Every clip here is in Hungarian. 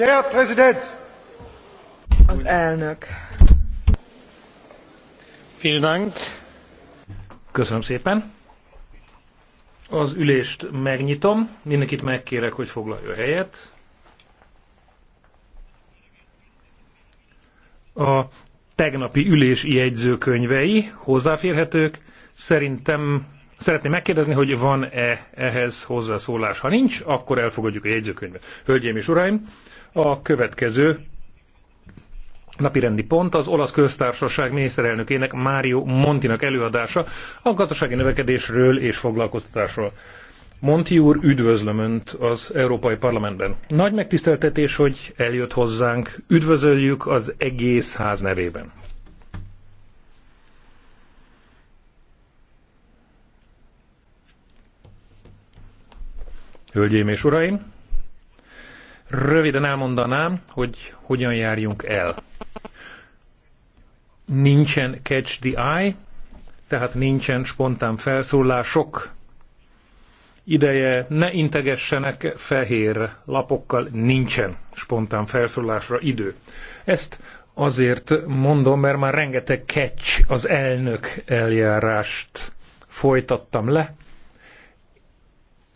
Der Präsident! Az elnök. Vielen Dank. Köszönöm szépen. Az ülést megnyitom. Mindenkit megkérek, hogy foglalja helyet. A tegnapi ülési jegyzőkönyvei hozzáférhetők. Szerintem Szeretném megkérdezni, hogy van-e ehhez hozzászólás. Ha nincs, akkor elfogadjuk a jegyzőkönyvet. Hölgyeim és uraim, a következő napirendi pont az olasz köztársaság miniszterelnökének Mário Montinak előadása a gazdasági növekedésről és foglalkoztatásról. Monti úr, üdvözlöm Önt az Európai Parlamentben. Nagy megtiszteltetés, hogy eljött hozzánk. Üdvözöljük az egész ház nevében. Hölgyeim és uraim, röviden elmondanám, hogy hogyan járjunk el. Nincsen catch the eye, tehát nincsen spontán felszólások. Ideje ne integessenek fehér lapokkal, nincsen spontán felszólásra idő. Ezt azért mondom, mert már rengeteg catch az elnök eljárást folytattam le,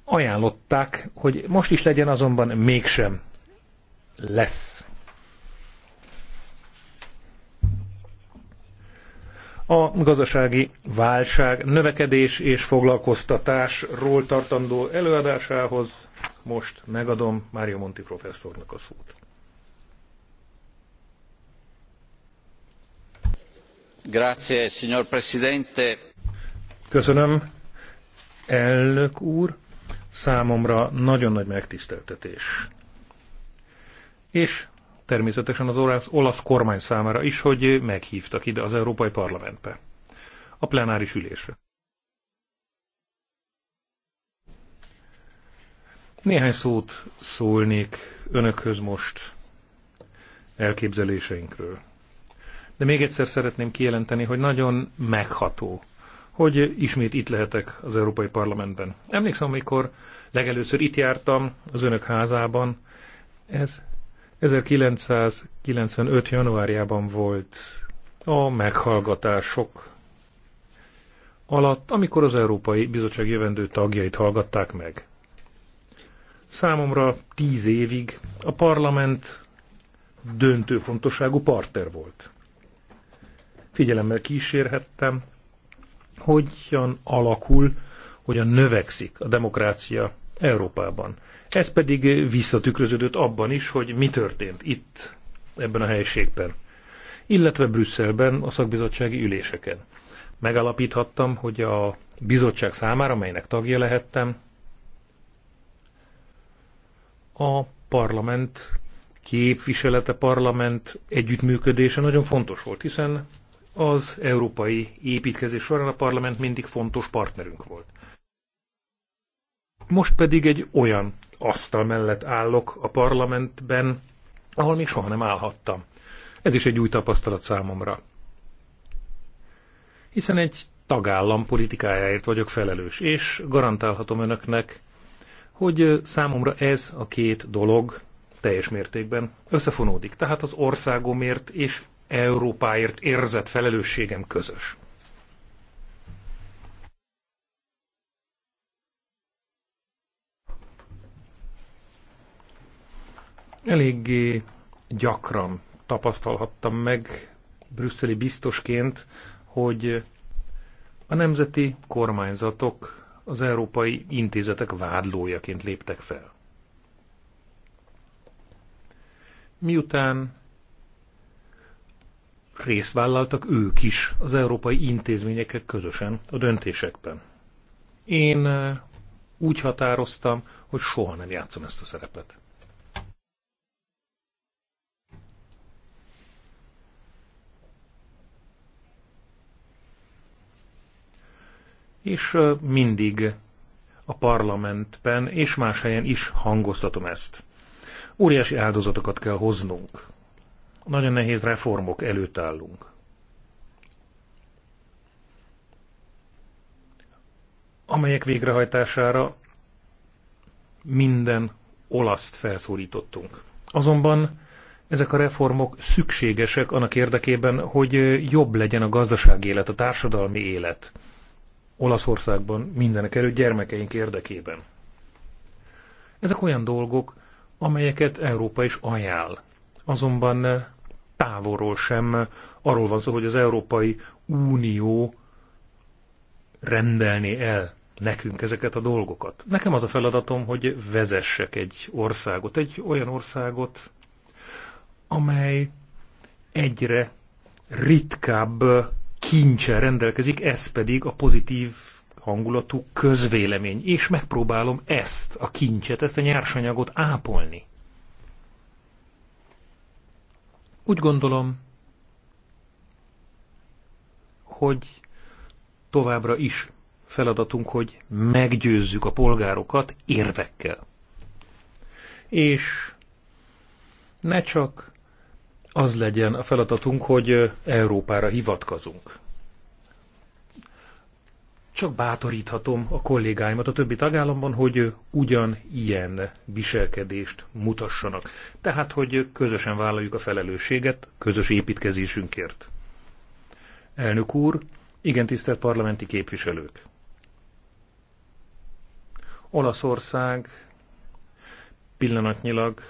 ajánlották, hogy most is legyen, azonban mégsem lesz. A gazdasági válság növekedés és foglalkoztatásról tartandó előadásához most megadom Mária Monti professzornak a szót. Grazie, signor Presidente. Köszönöm, elnök úr számomra nagyon nagy megtiszteltetés. És természetesen az olasz, olasz kormány számára is, hogy meghívtak ide az Európai Parlamentbe, a plenáris ülésre. Néhány szót szólnék önökhöz most elképzeléseinkről. De még egyszer szeretném kijelenteni, hogy nagyon megható hogy ismét itt lehetek az Európai Parlamentben. Emlékszem, amikor legelőször itt jártam az önök házában, ez 1995. januárjában volt a meghallgatások alatt, amikor az Európai Bizottság jövendő tagjait hallgatták meg. Számomra tíz évig a parlament döntő fontosságú partner volt. Figyelemmel kísérhettem hogyan alakul, hogyan növekszik a demokrácia Európában. Ez pedig visszatükröződött abban is, hogy mi történt itt, ebben a helységben, illetve Brüsszelben a szakbizottsági üléseken. Megalapíthattam, hogy a bizottság számára, melynek tagja lehettem, a parlament képviselete, parlament együttműködése nagyon fontos volt, hiszen az európai építkezés során a parlament mindig fontos partnerünk volt. Most pedig egy olyan asztal mellett állok a parlamentben, ahol még soha nem állhattam. Ez is egy új tapasztalat számomra. Hiszen egy tagállam politikájáért vagyok felelős, és garantálhatom önöknek, hogy számomra ez a két dolog teljes mértékben összefonódik. Tehát az országomért és Európáért érzett felelősségem közös. Eléggé gyakran tapasztalhattam meg brüsszeli biztosként, hogy a nemzeti kormányzatok az európai intézetek vádlójaként léptek fel. Miután részt vállaltak ők is az európai intézményekkel közösen a döntésekben. Én eh, úgy határoztam, hogy soha nem játszom ezt a szerepet. És eh, mindig a parlamentben és más helyen is hangoztatom ezt. Óriási áldozatokat kell hoznunk nagyon nehéz reformok előtt állunk. amelyek végrehajtására minden olaszt felszólítottunk. Azonban ezek a reformok szükségesek annak érdekében, hogy jobb legyen a gazdasági élet, a társadalmi élet Olaszországban mindenek előtt gyermekeink érdekében. Ezek olyan dolgok, amelyeket Európa is ajánl. Azonban távolról sem arról van szó, hogy az Európai Unió rendelni el nekünk ezeket a dolgokat. Nekem az a feladatom, hogy vezessek egy országot, egy olyan országot, amely egyre ritkább kincsel rendelkezik, ez pedig a pozitív hangulatú közvélemény, és megpróbálom ezt a kincset, ezt a nyersanyagot ápolni. Úgy gondolom, hogy továbbra is feladatunk, hogy meggyőzzük a polgárokat érvekkel. És ne csak az legyen a feladatunk, hogy Európára hivatkozunk csak bátoríthatom a kollégáimat a többi tagállamban, hogy ugyan ilyen viselkedést mutassanak. Tehát, hogy közösen vállaljuk a felelősséget közös építkezésünkért. Elnök úr, igen tisztelt parlamenti képviselők! Olaszország pillanatnyilag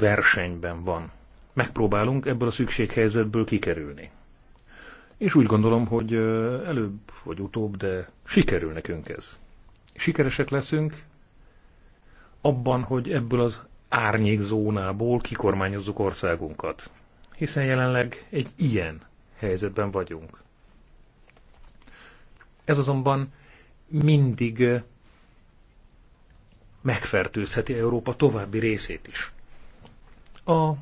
versenyben van. Megpróbálunk ebből a szükséghelyzetből kikerülni. És úgy gondolom, hogy előbb vagy utóbb, de sikerül nekünk ez. Sikeresek leszünk abban, hogy ebből az árnyékzónából kikormányozzuk országunkat. Hiszen jelenleg egy ilyen helyzetben vagyunk. Ez azonban mindig megfertőzheti Európa további részét is. A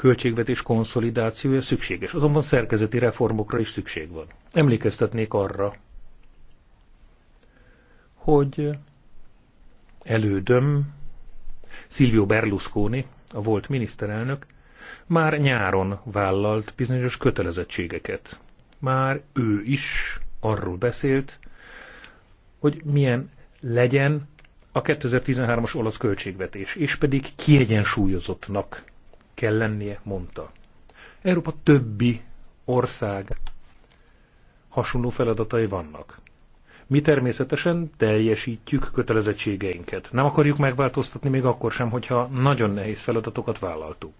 költségvetés konszolidációja szükséges, azonban szerkezeti reformokra is szükség van. Emlékeztetnék arra, hogy elődöm Silvio Berlusconi, a volt miniszterelnök, már nyáron vállalt bizonyos kötelezettségeket. Már ő is arról beszélt, hogy milyen legyen a 2013-as olasz költségvetés, és pedig kiegyensúlyozottnak kell lennie, mondta. Európa többi ország hasonló feladatai vannak. Mi természetesen teljesítjük kötelezettségeinket. Nem akarjuk megváltoztatni még akkor sem, hogyha nagyon nehéz feladatokat vállaltuk.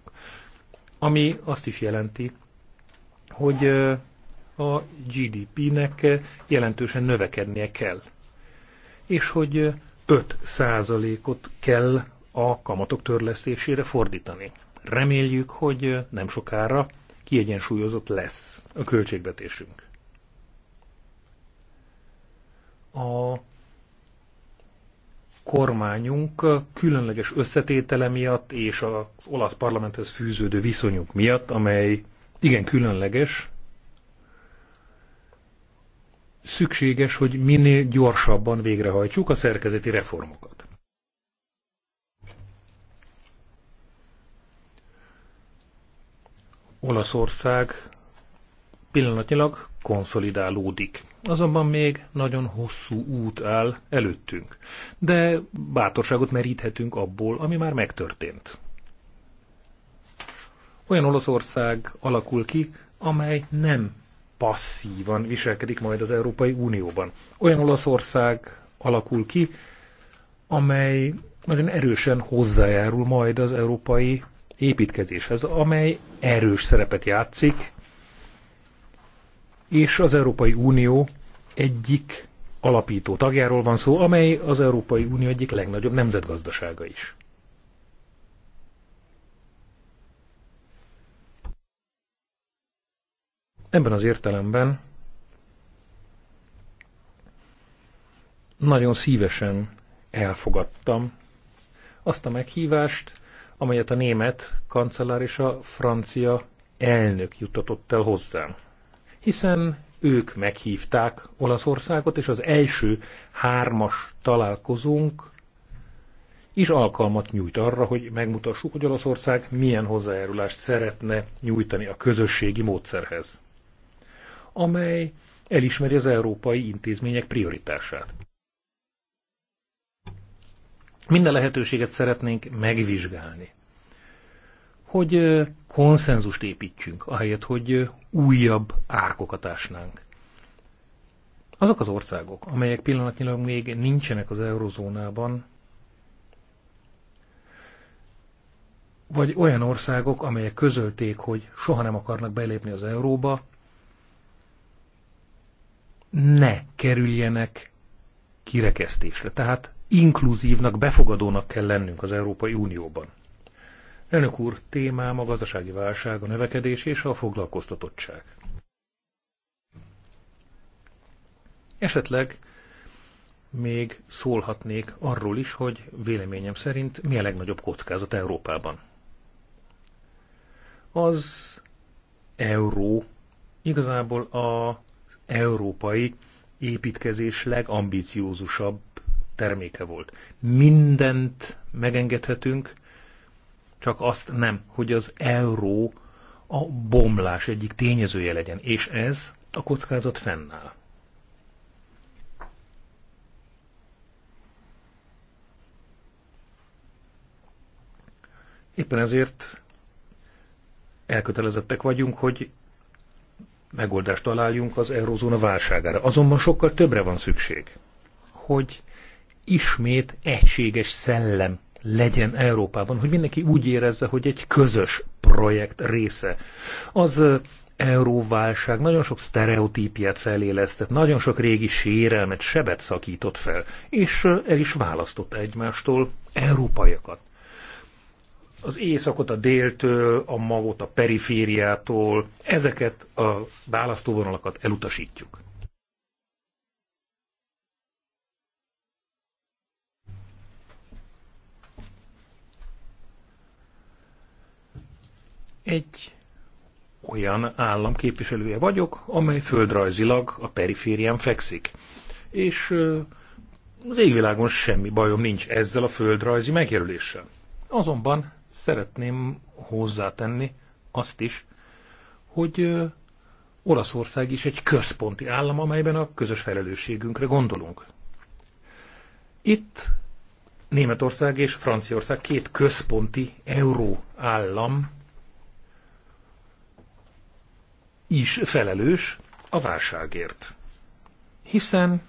Ami azt is jelenti, hogy a GDP-nek jelentősen növekednie kell. És hogy 5%-ot kell a kamatok törlesztésére fordítani. Reméljük, hogy nem sokára kiegyensúlyozott lesz a költségvetésünk. A kormányunk különleges összetétele miatt és az olasz parlamenthez fűződő viszonyunk miatt, amely igen különleges, szükséges, hogy minél gyorsabban végrehajtsuk a szerkezeti reformokat. Olaszország pillanatnyilag konszolidálódik. Azonban még nagyon hosszú út áll előttünk, de bátorságot meríthetünk abból, ami már megtörtént. Olyan Olaszország alakul ki, amely nem passzívan viselkedik majd az Európai Unióban. Olyan Olaszország alakul ki, amely nagyon erősen hozzájárul majd az Európai építkezéshez, amely erős szerepet játszik, és az Európai Unió egyik alapító tagjáról van szó, amely az Európai Unió egyik legnagyobb nemzetgazdasága is. Ebben az értelemben nagyon szívesen elfogadtam azt a meghívást, amelyet a német kancellár és a francia elnök juttatott el hozzám. Hiszen ők meghívták Olaszországot, és az első hármas találkozónk is alkalmat nyújt arra, hogy megmutassuk, hogy Olaszország milyen hozzájárulást szeretne nyújtani a közösségi módszerhez, amely elismeri az európai intézmények prioritását. Minden lehetőséget szeretnénk megvizsgálni, hogy konszenzust építsünk, ahelyett, hogy újabb árkokat ásnánk. Azok az országok, amelyek pillanatnyilag még nincsenek az eurozónában, vagy olyan országok, amelyek közölték, hogy soha nem akarnak belépni az euróba, ne kerüljenek kirekesztésre. Tehát inkluzívnak, befogadónak kell lennünk az Európai Unióban. Elnök úr, témám a gazdasági válság, a növekedés és a foglalkoztatottság. Esetleg még szólhatnék arról is, hogy véleményem szerint mi a legnagyobb kockázat Európában. Az euró igazából az európai építkezés legambiciózusabb terméke volt. Mindent megengedhetünk, csak azt nem, hogy az euró a bomlás egyik tényezője legyen, és ez a kockázat fennáll. Éppen ezért elkötelezettek vagyunk, hogy megoldást találjunk az eurozóna válságára. Azonban sokkal többre van szükség, hogy ismét egységes szellem legyen Európában, hogy mindenki úgy érezze, hogy egy közös projekt része. Az euróválság nagyon sok sztereotípiát felélesztett, nagyon sok régi sérelmet, sebet szakított fel, és el is választotta egymástól európaiakat. Az északot a déltől, a magot a perifériától, ezeket a választóvonalakat elutasítjuk. Egy olyan állam képviselője vagyok, amely földrajzilag a periférián fekszik. És az égvilágon semmi bajom nincs ezzel a földrajzi megjelöléssel. Azonban szeretném hozzátenni azt is, hogy Olaszország is egy központi állam, amelyben a közös felelősségünkre gondolunk. Itt Németország és Franciaország két központi euró állam is felelős a válságért. Hiszen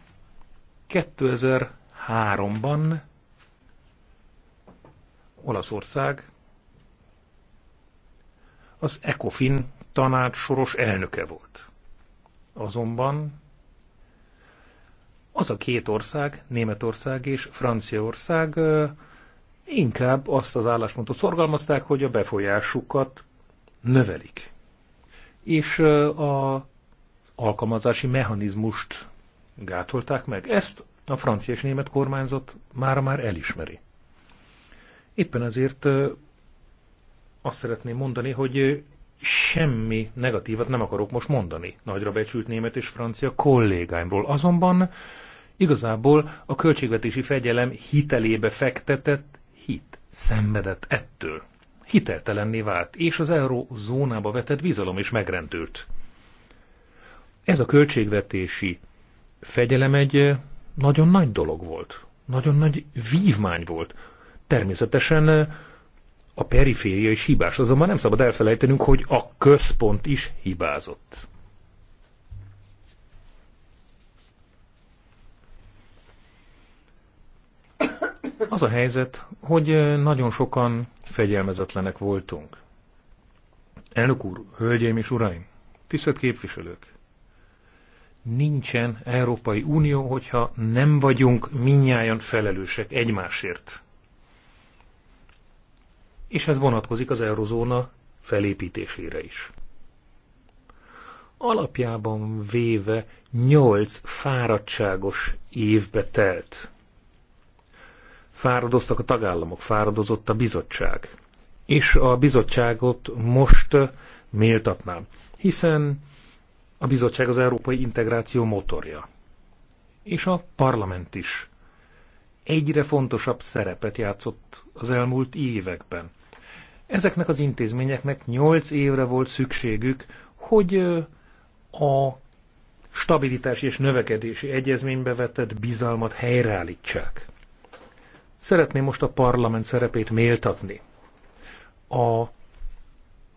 2003-ban Olaszország az ECOFIN tanács soros elnöke volt. Azonban az a két ország, Németország és Franciaország inkább azt az álláspontot szorgalmazták, hogy a befolyásukat növelik és a alkalmazási mechanizmust gátolták meg. Ezt a francia és német kormányzat már már elismeri. Éppen azért azt szeretném mondani, hogy semmi negatívat nem akarok most mondani nagyra becsült német és francia kollégáimról. Azonban igazából a költségvetési fegyelem hitelébe fektetett hit szenvedett ettől hiteltelenné vált, és az euró zónába vetett bizalom is megrendült. Ez a költségvetési fegyelem egy eh, nagyon nagy dolog volt, nagyon nagy vívmány volt. Természetesen eh, a periféria is hibás, azonban nem szabad elfelejtenünk, hogy a központ is hibázott. Az a helyzet, hogy nagyon sokan fegyelmezetlenek voltunk. Elnök úr, hölgyeim és uraim, tisztelt képviselők! Nincsen Európai Unió, hogyha nem vagyunk minnyáján felelősek egymásért. És ez vonatkozik az eurozóna felépítésére is. Alapjában véve nyolc fáradtságos évbe telt Fáradoztak a tagállamok, fáradozott a bizottság. És a bizottságot most méltatnám, hiszen a bizottság az európai integráció motorja. És a parlament is egyre fontosabb szerepet játszott az elmúlt években. Ezeknek az intézményeknek 8 évre volt szükségük, hogy a stabilitási és növekedési egyezménybe vetett bizalmat helyreállítsák. Szeretném most a parlament szerepét méltatni. A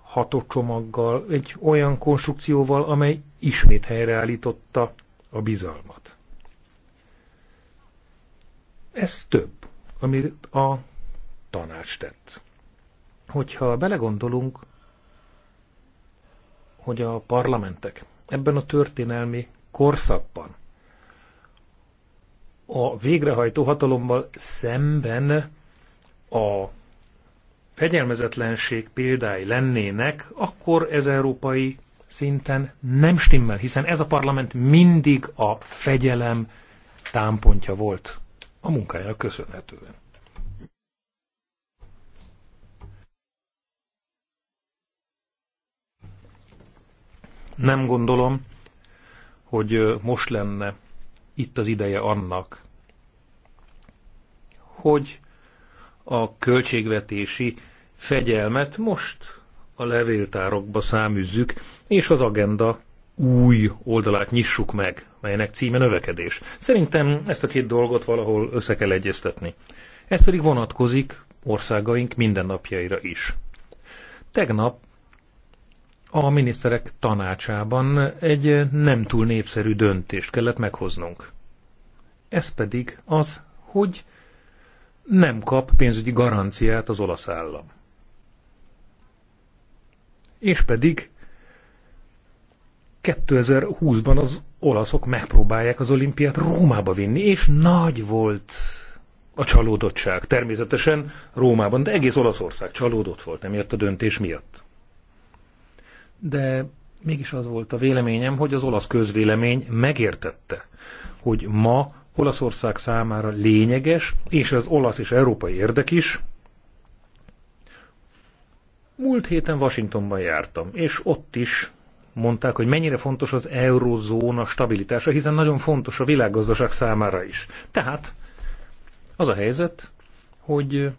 hatócsomaggal, egy olyan konstrukcióval, amely ismét helyreállította a bizalmat. Ez több, amit a tanács tett. Hogyha belegondolunk, hogy a parlamentek ebben a történelmi korszakban a végrehajtó hatalommal szemben a fegyelmezetlenség példái lennének, akkor ez európai szinten nem stimmel, hiszen ez a parlament mindig a fegyelem támpontja volt a munkájának köszönhetően. Nem gondolom, hogy most lenne itt az ideje annak, hogy a költségvetési fegyelmet most a levéltárokba száműzzük, és az agenda új oldalát nyissuk meg, melynek címe növekedés. Szerintem ezt a két dolgot valahol össze kell egyeztetni. Ez pedig vonatkozik országaink mindennapjaira is. Tegnap a miniszterek tanácsában egy nem túl népszerű döntést kellett meghoznunk. Ez pedig az, hogy nem kap pénzügyi garanciát az olasz állam. És pedig 2020-ban az olaszok megpróbálják az olimpiát Rómába vinni, és nagy volt a csalódottság. Természetesen Rómában, de egész Olaszország csalódott volt emiatt a döntés miatt de mégis az volt a véleményem, hogy az olasz közvélemény megértette, hogy ma Olaszország számára lényeges, és az olasz és európai érdek is. Múlt héten Washingtonban jártam, és ott is mondták, hogy mennyire fontos az eurozóna stabilitása, hiszen nagyon fontos a világgazdaság számára is. Tehát az a helyzet, hogy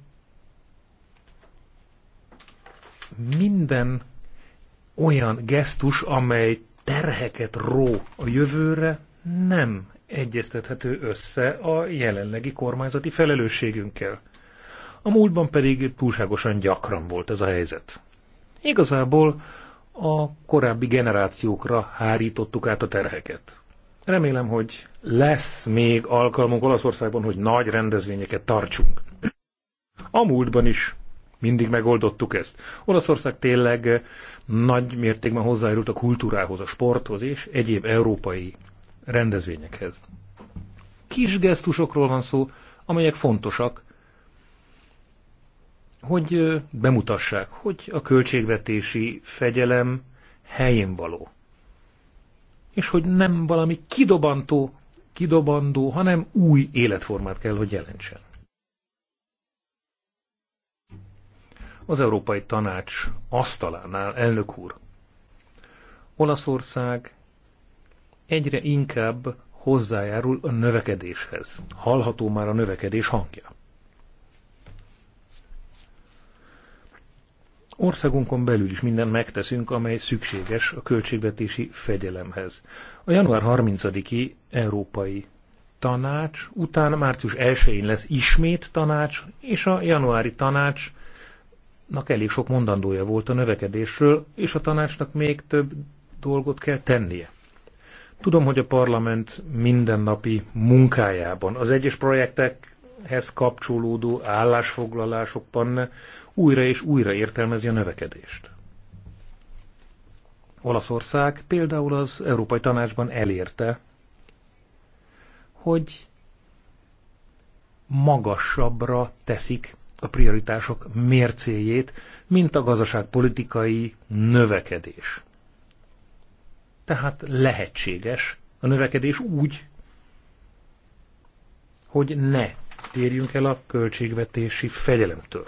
minden olyan gesztus, amely terheket ró a jövőre, nem egyeztethető össze a jelenlegi kormányzati felelősségünkkel. A múltban pedig túlságosan gyakran volt ez a helyzet. Igazából a korábbi generációkra hárítottuk át a terheket. Remélem, hogy lesz még alkalmunk Olaszországban, hogy nagy rendezvényeket tartsunk. A múltban is mindig megoldottuk ezt. Olaszország tényleg nagy mértékben hozzájárult a kultúrához, a sporthoz és egyéb európai rendezvényekhez. Kis gesztusokról van szó, amelyek fontosak, hogy bemutassák, hogy a költségvetési fegyelem helyén való. És hogy nem valami kidobantó, kidobandó, hanem új életformát kell, hogy jelentsen. az Európai Tanács asztalánál, elnök úr. Olaszország egyre inkább hozzájárul a növekedéshez. Hallható már a növekedés hangja. Országunkon belül is mindent megteszünk, amely szükséges a költségvetési fegyelemhez. A január 30-i Európai Tanács, után március 1-én lesz ismét tanács, és a januári tanács tanácsnak elég sok mondandója volt a növekedésről, és a tanácsnak még több dolgot kell tennie. Tudom, hogy a parlament mindennapi munkájában, az egyes projektekhez kapcsolódó állásfoglalásokban újra és újra értelmezi a növekedést. Olaszország például az Európai Tanácsban elérte, hogy magasabbra teszik a prioritások mércéjét, mint a gazdaságpolitikai növekedés. Tehát lehetséges a növekedés úgy, hogy ne térjünk el a költségvetési fegyelemtől.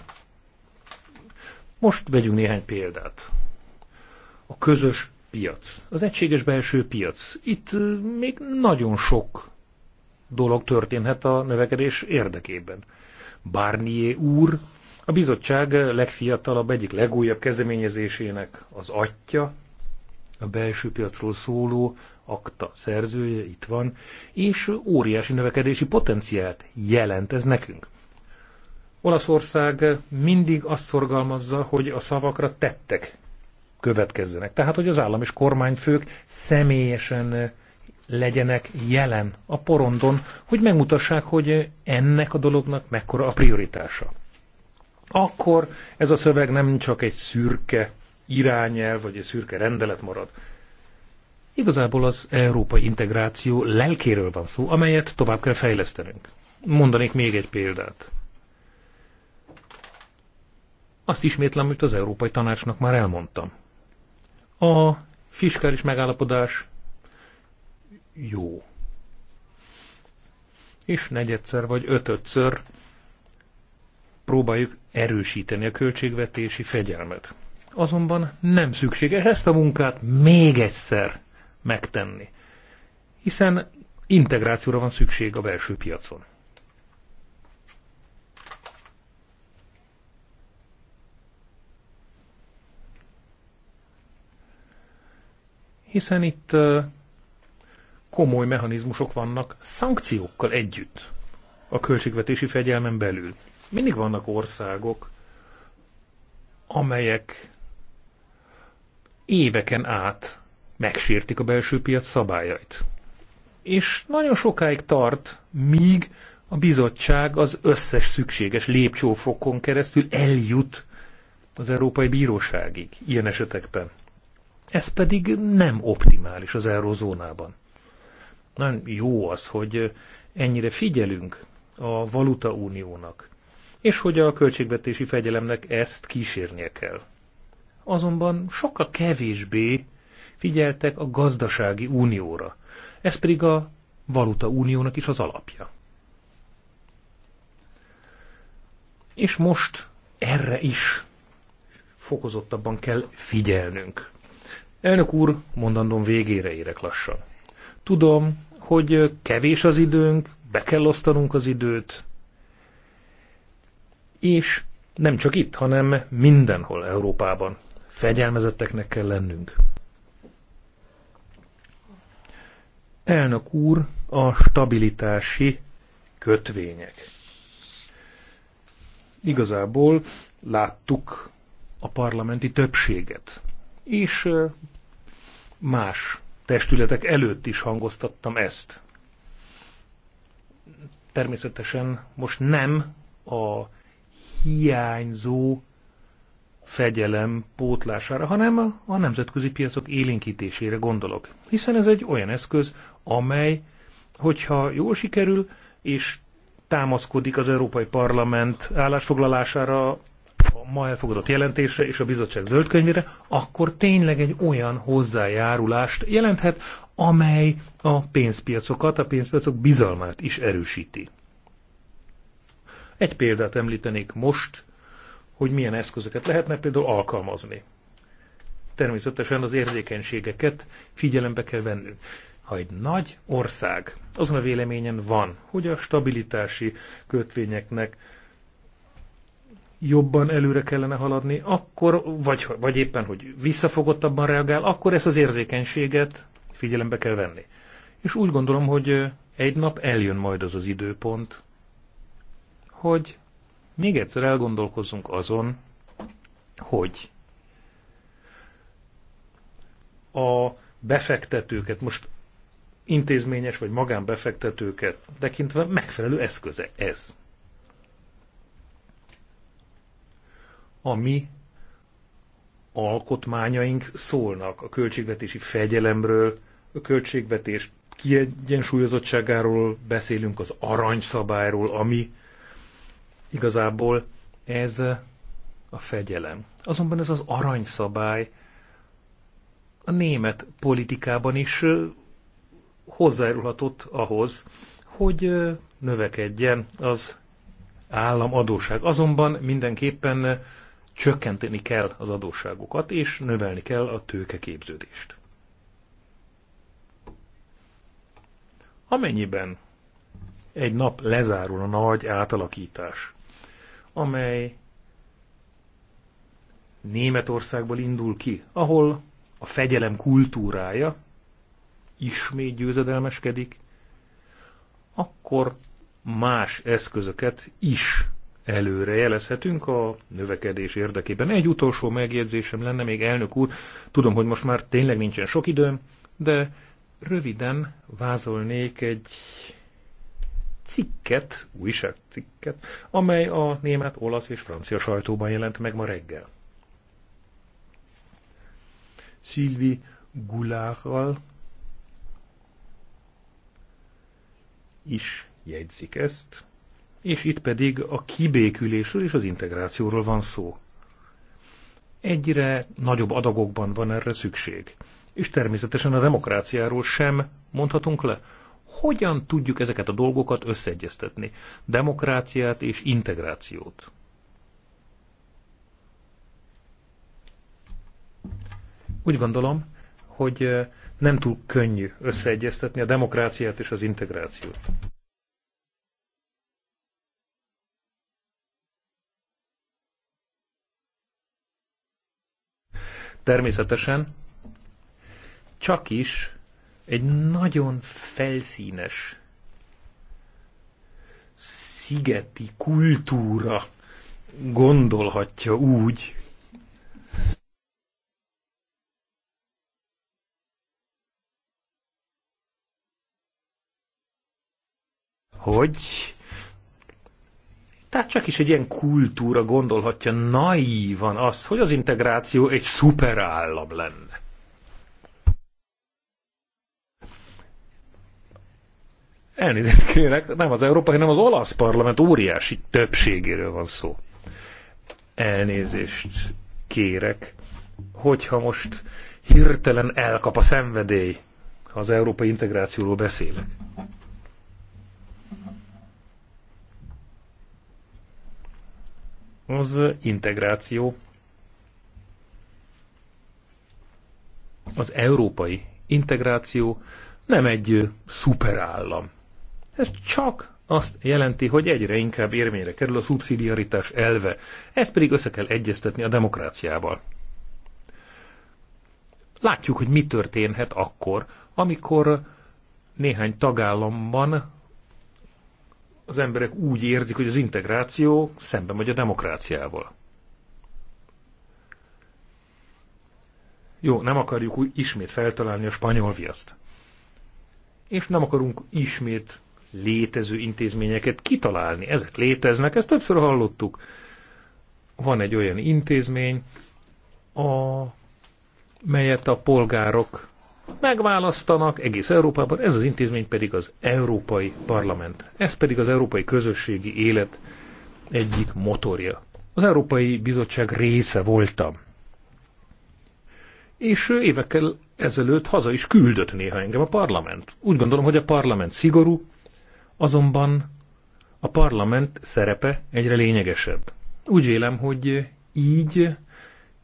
Most vegyünk néhány példát. A közös piac, az egységes belső piac. Itt még nagyon sok dolog történhet a növekedés érdekében. Barnier úr, a bizottság legfiatalabb, egyik legújabb kezdeményezésének az atya, a belső piacról szóló akta szerzője itt van, és óriási növekedési potenciált jelent ez nekünk. Olaszország mindig azt szorgalmazza, hogy a szavakra tettek következzenek. Tehát, hogy az állam és kormányfők személyesen legyenek jelen a porondon, hogy megmutassák, hogy ennek a dolognak mekkora a prioritása. Akkor ez a szöveg nem csak egy szürke irányelv, vagy egy szürke rendelet marad. Igazából az európai integráció lelkéről van szó, amelyet tovább kell fejlesztenünk. Mondanék még egy példát. Azt ismétlem, amit az Európai Tanácsnak már elmondtam. A fiskális megállapodás jó. És negyedszer vagy ötödször próbáljuk erősíteni a költségvetési fegyelmet. Azonban nem szükséges ezt a munkát még egyszer megtenni, hiszen integrációra van szükség a belső piacon. Hiszen itt komoly mechanizmusok vannak szankciókkal együtt a költségvetési fegyelmen belül. Mindig vannak országok, amelyek éveken át megsértik a belső piac szabályait. És nagyon sokáig tart, míg a bizottság az összes szükséges lépcsőfokon keresztül eljut az Európai Bíróságig ilyen esetekben. Ez pedig nem optimális az eurozónában. Nagyon jó az, hogy ennyire figyelünk a valuta uniónak, és hogy a költségvetési fegyelemnek ezt kísérnie kell. Azonban sokkal kevésbé figyeltek a gazdasági unióra, ez pedig a valuta uniónak is az alapja. És most erre is fokozottabban kell figyelnünk. Elnök úr, mondandom végére érek lassan. Tudom, hogy kevés az időnk, be kell osztanunk az időt, és nem csak itt, hanem mindenhol Európában. Fegyelmezetteknek kell lennünk. Elnök úr, a stabilitási kötvények. Igazából láttuk a parlamenti többséget, és más testületek előtt is hangoztattam ezt. Természetesen most nem a hiányzó fegyelem pótlására, hanem a, nemzetközi piacok élénkítésére gondolok. Hiszen ez egy olyan eszköz, amely, hogyha jól sikerül, és támaszkodik az Európai Parlament állásfoglalására ma elfogadott jelentésre és a bizottság zöldkönyvére, akkor tényleg egy olyan hozzájárulást jelenthet, amely a pénzpiacokat, a pénzpiacok bizalmát is erősíti. Egy példát említenék most, hogy milyen eszközöket lehetne például alkalmazni. Természetesen az érzékenységeket figyelembe kell vennünk. Ha egy nagy ország azon a véleményen van, hogy a stabilitási kötvényeknek jobban előre kellene haladni, akkor, vagy, vagy éppen, hogy visszafogottabban reagál, akkor ezt az érzékenységet figyelembe kell venni. És úgy gondolom, hogy eh, egy nap eljön majd az az időpont, hogy még egyszer elgondolkozzunk azon, hogy a befektetőket, most intézményes vagy magánbefektetőket tekintve megfelelő eszköze ez. a mi alkotmányaink szólnak a költségvetési fegyelemről, a költségvetés kiegyensúlyozottságáról beszélünk, az aranyszabályról, ami igazából ez a fegyelem. Azonban ez az aranyszabály a német politikában is hozzájárulhatott ahhoz, hogy növekedjen az államadóság. Azonban mindenképpen csökkenteni kell az adósságokat, és növelni kell a tőkeképződést. Amennyiben egy nap lezárul a nagy átalakítás, amely Németországból indul ki, ahol a fegyelem kultúrája ismét győzedelmeskedik, akkor más eszközöket is előre jelezhetünk a növekedés érdekében. Egy utolsó megjegyzésem lenne még, elnök úr, tudom, hogy most már tényleg nincsen sok időm, de röviden vázolnék egy cikket, újságcikket, amely a német, olasz és francia sajtóban jelent meg ma reggel. Sylvie Goulárral is jegyzik ezt és itt pedig a kibékülésről és az integrációról van szó. Egyre nagyobb adagokban van erre szükség. És természetesen a demokráciáról sem mondhatunk le. Hogyan tudjuk ezeket a dolgokat összeegyeztetni? Demokráciát és integrációt. Úgy gondolom, hogy eh, nem túl könnyű összeegyeztetni a demokráciát és az integrációt. Természetesen csak is egy nagyon felszínes szigeti kultúra gondolhatja úgy, hogy tehát csak is egy ilyen kultúra gondolhatja naívan azt, hogy az integráció egy szuperállam lenne. Elnézést kérek, nem az Európai, hanem az olasz parlament óriási többségéről van szó. Elnézést kérek, hogyha most hirtelen elkap a szenvedély, ha az európai integrációról beszélek. az integráció, az európai integráció nem egy szuperállam. Ez csak azt jelenti, hogy egyre inkább érvényre kerül a szubszidiaritás elve. Ezt pedig össze kell egyeztetni a demokráciával. Látjuk, hogy mi történhet akkor, amikor néhány tagállamban az emberek úgy érzik, hogy az integráció szemben megy a demokráciával. Jó, nem akarjuk úgy ismét feltalálni a spanyol viaszt. És nem akarunk ismét létező intézményeket kitalálni. Ezek léteznek, ezt többször hallottuk. Van egy olyan intézmény, a, melyet a polgárok megválasztanak egész Európában, ez az intézmény pedig az Európai Parlament. Ez pedig az európai közösségi élet egyik motorja. Az Európai Bizottság része voltam. És évekkel ezelőtt haza is küldött néha engem a parlament. Úgy gondolom, hogy a parlament szigorú, azonban a parlament szerepe egyre lényegesebb. Úgy vélem, hogy így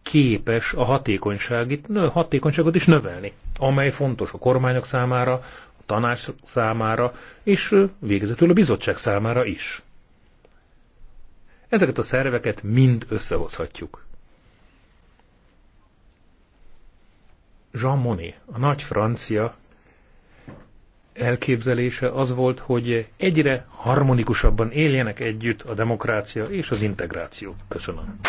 képes a hatékonyságit, hatékonyságot is növelni, amely fontos a kormányok számára, a tanács számára, és végezetül a bizottság számára is. Ezeket a szerveket mind összehozhatjuk. Jean Monnet, a nagy francia elképzelése az volt, hogy egyre harmonikusabban éljenek együtt a demokrácia és az integráció. Köszönöm.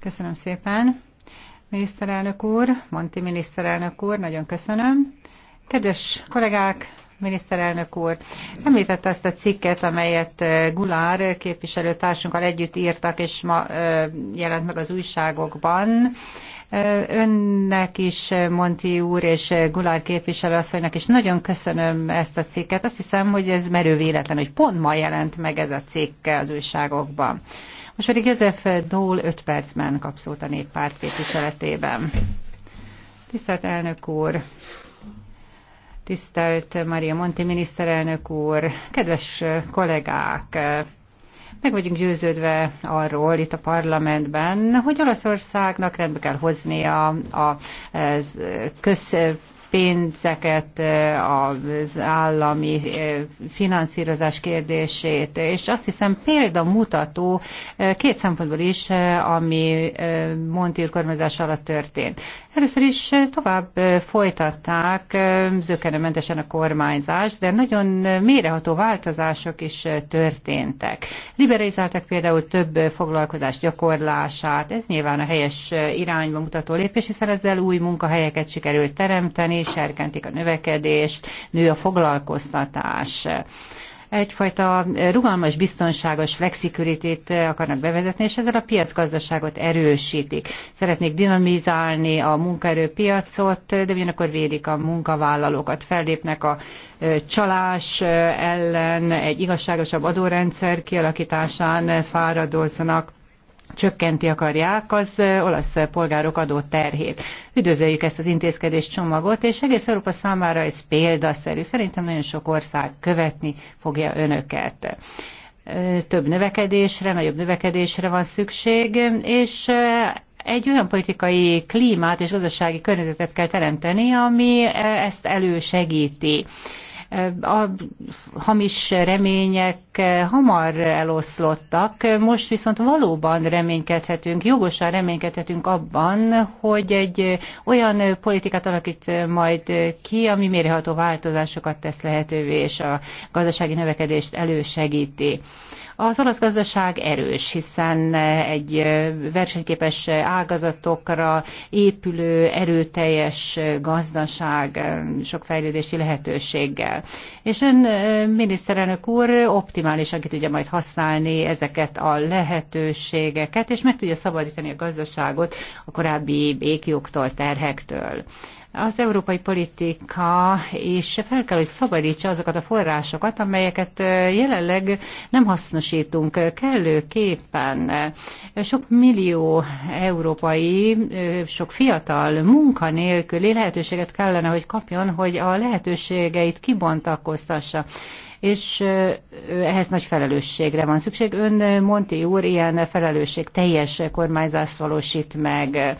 Köszönöm szépen. Miniszterelnök úr, Monti miniszterelnök úr, nagyon köszönöm. Kedves kollégák, miniszterelnök úr, említette azt a cikket, amelyet Gulár képviselőtársunkkal együtt írtak, és ma jelent meg az újságokban. Önnek is, Monti úr és Gulár képviselőasszonynak is nagyon köszönöm ezt a cikket. Azt hiszem, hogy ez merő véletlen, hogy pont ma jelent meg ez a cikk az újságokban. Most pedig József Dól 5 percben kap szót a néppárt képviseletében. Tisztelt elnök úr! Tisztelt Maria Monti miniszterelnök úr, kedves kollégák! Meg vagyunk győződve arról itt a parlamentben, hogy Olaszországnak rendbe kell hoznia a, a köz pénzeket, az állami finanszírozás kérdését, és azt hiszem példamutató két szempontból is, ami Monti kormányzás alatt történt. Először is eh, tovább eh, folytatták eh, zökenőmentesen a kormányzást, de nagyon méreható változások is történtek. Liberalizáltak például több foglalkozás gyakorlását, ez nyilván a helyes irányba mutató lépés, hiszen ezzel új munkahelyeket sikerült teremteni, serkentik a növekedést, nő a foglalkoztatás egyfajta rugalmas, biztonságos flexikulitét akarnak bevezetni, és ezzel a piacgazdaságot erősítik. Szeretnék dinamizálni a munkaerőpiacot, de ugyanakkor védik a munkavállalókat, fellépnek a csalás ellen, egy igazságosabb adórendszer kialakításán fáradoznak, csökkenti akarják az olasz polgárok terhét. Üdvözöljük ezt az intézkedés csomagot, és egész Európa számára ez példaszerű. Szerintem nagyon sok ország követni fogja önöket több növekedésre, nagyobb növekedésre van szükség, és egy olyan politikai klímát és gazdasági környezetet kell teremteni, ami ezt elősegíti a hamis remények hamar eloszlottak, most viszont valóban reménykedhetünk, jogosan reménykedhetünk abban, hogy egy olyan politikát alakít majd ki, ami mérható változásokat tesz lehetővé, és a gazdasági növekedést elősegíti. Az olasz gazdaság erős, hiszen egy versenyképes ágazatokra épülő, erőteljes gazdaság sok fejlődési lehetőséggel kell. És ön, miniszterelnök úr, optimálisan ki tudja majd használni ezeket a lehetőségeket, és meg tudja szabadítani a gazdaságot a korábbi békjogtól, terhektől az európai politika és fel kell, hogy szabadítsa azokat a forrásokat, amelyeket jelenleg nem hasznosítunk kellőképpen. Sok millió európai, sok fiatal munkanélküli lehetőséget kellene, hogy kapjon, hogy a lehetőségeit kibontakoztassa és ehhez nagy felelősségre van szükség. Ön, Monti úr, ilyen felelősség teljes kormányzást valósít meg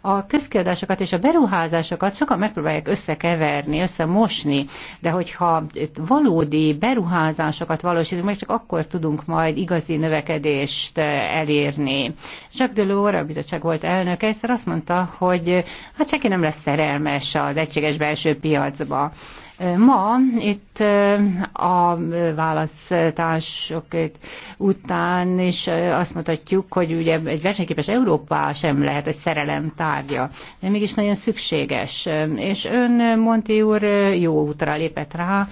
a közkiadásokat és a beruházásokat sokan megpróbálják összekeverni, összemosni, de hogyha valódi beruházásokat valósítunk, meg csak akkor tudunk majd igazi növekedést eh, elérni. Jacques Delors, a bizottság volt elnöke, egyszer azt mondta, hogy hát senki nem lesz szerelmes az egységes belső piacba. Ma itt a választások után is azt mutatjuk, hogy ugye egy versenyképes Európa sem lehet egy szerelem tárgya, de mégis nagyon szükséges. És ön, Monti úr, jó útra lépett rá,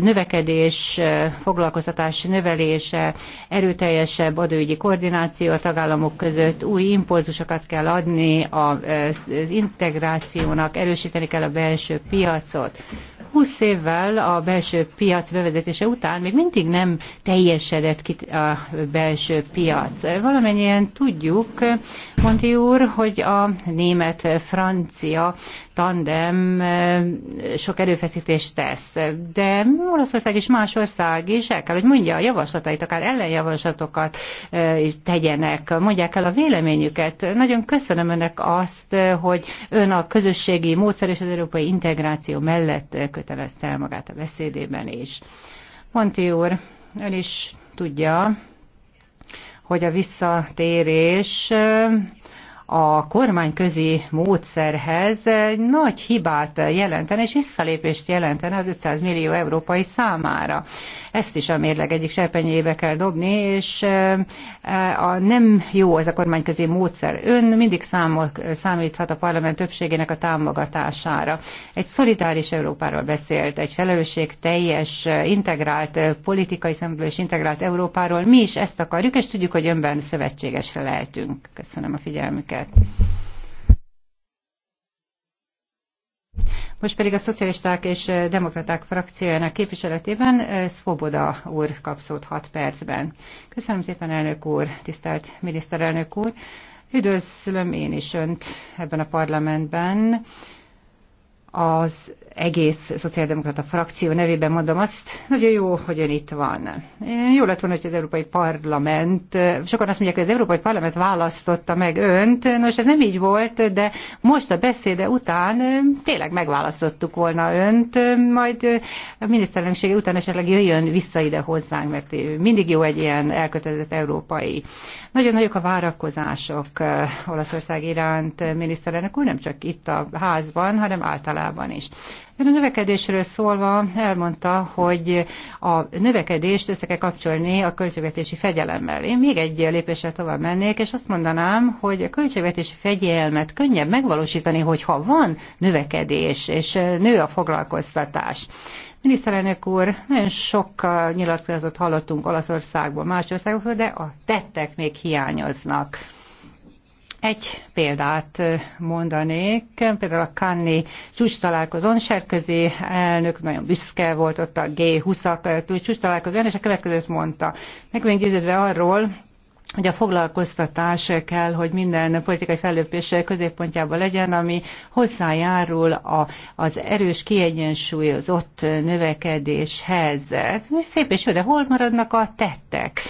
növekedés, foglalkoztatás növelése, erőteljesebb adóügyi koordináció a tagállamok között, új impulzusokat kell adni az integrációnak, erősíteni kell a belső piacot. 20 évvel a belső piac bevezetése után még mindig nem teljesedett ki a belső piac. Valamennyien tudjuk, Monti úr, hogy a német-francia tandem sok erőfeszítést tesz. De Olaszország és más ország is el kell, hogy mondja a javaslatait, akár ellenjavaslatokat tegyenek, mondják el a véleményüket. Nagyon köszönöm önnek azt, hogy ön a közösségi módszer és az európai integráció mellett kötelezte el magát a beszédében is. Monti úr, ön is tudja, hogy a visszatérés a kormányközi módszerhez nagy hibát jelentene és visszalépést jelentene az 500 millió európai számára. Ezt is a mérleg egyik serpenyébe kell dobni, és eh, a nem jó ez a kormányközi módszer. Ön mindig számol, számíthat a parlament többségének a támogatására. Egy szolidáris Európáról beszélt, egy felelősség teljes, eh, integrált eh, politikai szempontból és integrált Európáról. Mi is ezt akarjuk, és tudjuk, hogy önben szövetségesre lehetünk. Köszönöm a figyelmüket. Most pedig a szocialisták és demokraták frakciójának képviseletében Svoboda úr kap szót 6 percben. Köszönöm szépen, elnök úr, tisztelt miniszterelnök úr. Üdvözlöm én is Önt ebben a parlamentben. Az egész szociáldemokrata frakció nevében mondom azt, nagyon jó, hogy ön itt van. Jó lett volna, hogy az Európai Parlament, sokan azt mondják, hogy az Európai Parlament választotta meg önt, nos ez nem így volt, de most a beszéde után tényleg megválasztottuk volna önt, majd a miniszterelnöksége után esetleg jöjjön vissza ide hozzánk, mert mindig jó egy ilyen elkötelezett európai. Nagyon nagyok a várakozások Olaszország iránt miniszterelnök úr, nem csak itt a házban, hanem általában is. Mert a növekedésről szólva elmondta, hogy a növekedést össze kell kapcsolni a költségvetési fegyelemmel. Én még egy lépéssel tovább mennék, és azt mondanám, hogy a költségvetési fegyelmet könnyebb megvalósítani, hogyha van növekedés, és nő a foglalkoztatás. Miniszterelnök úr, nagyon sok nyilatkozatot hallottunk Olaszországból, más országokból, de a tettek még hiányoznak. Egy példát mondanék, például a Kanni csúcs találkozón Serközi elnök nagyon büszke volt ott a G20-ak csúcs találkozón, és a következőt mondta. Meg még győződve arról, hogy a foglalkoztatás kell, hogy minden politikai fellépés középpontjában legyen, ami hozzájárul a, az erős kiegyensúlyozott növekedéshez. Ez szép és jó, de hol maradnak a tettek?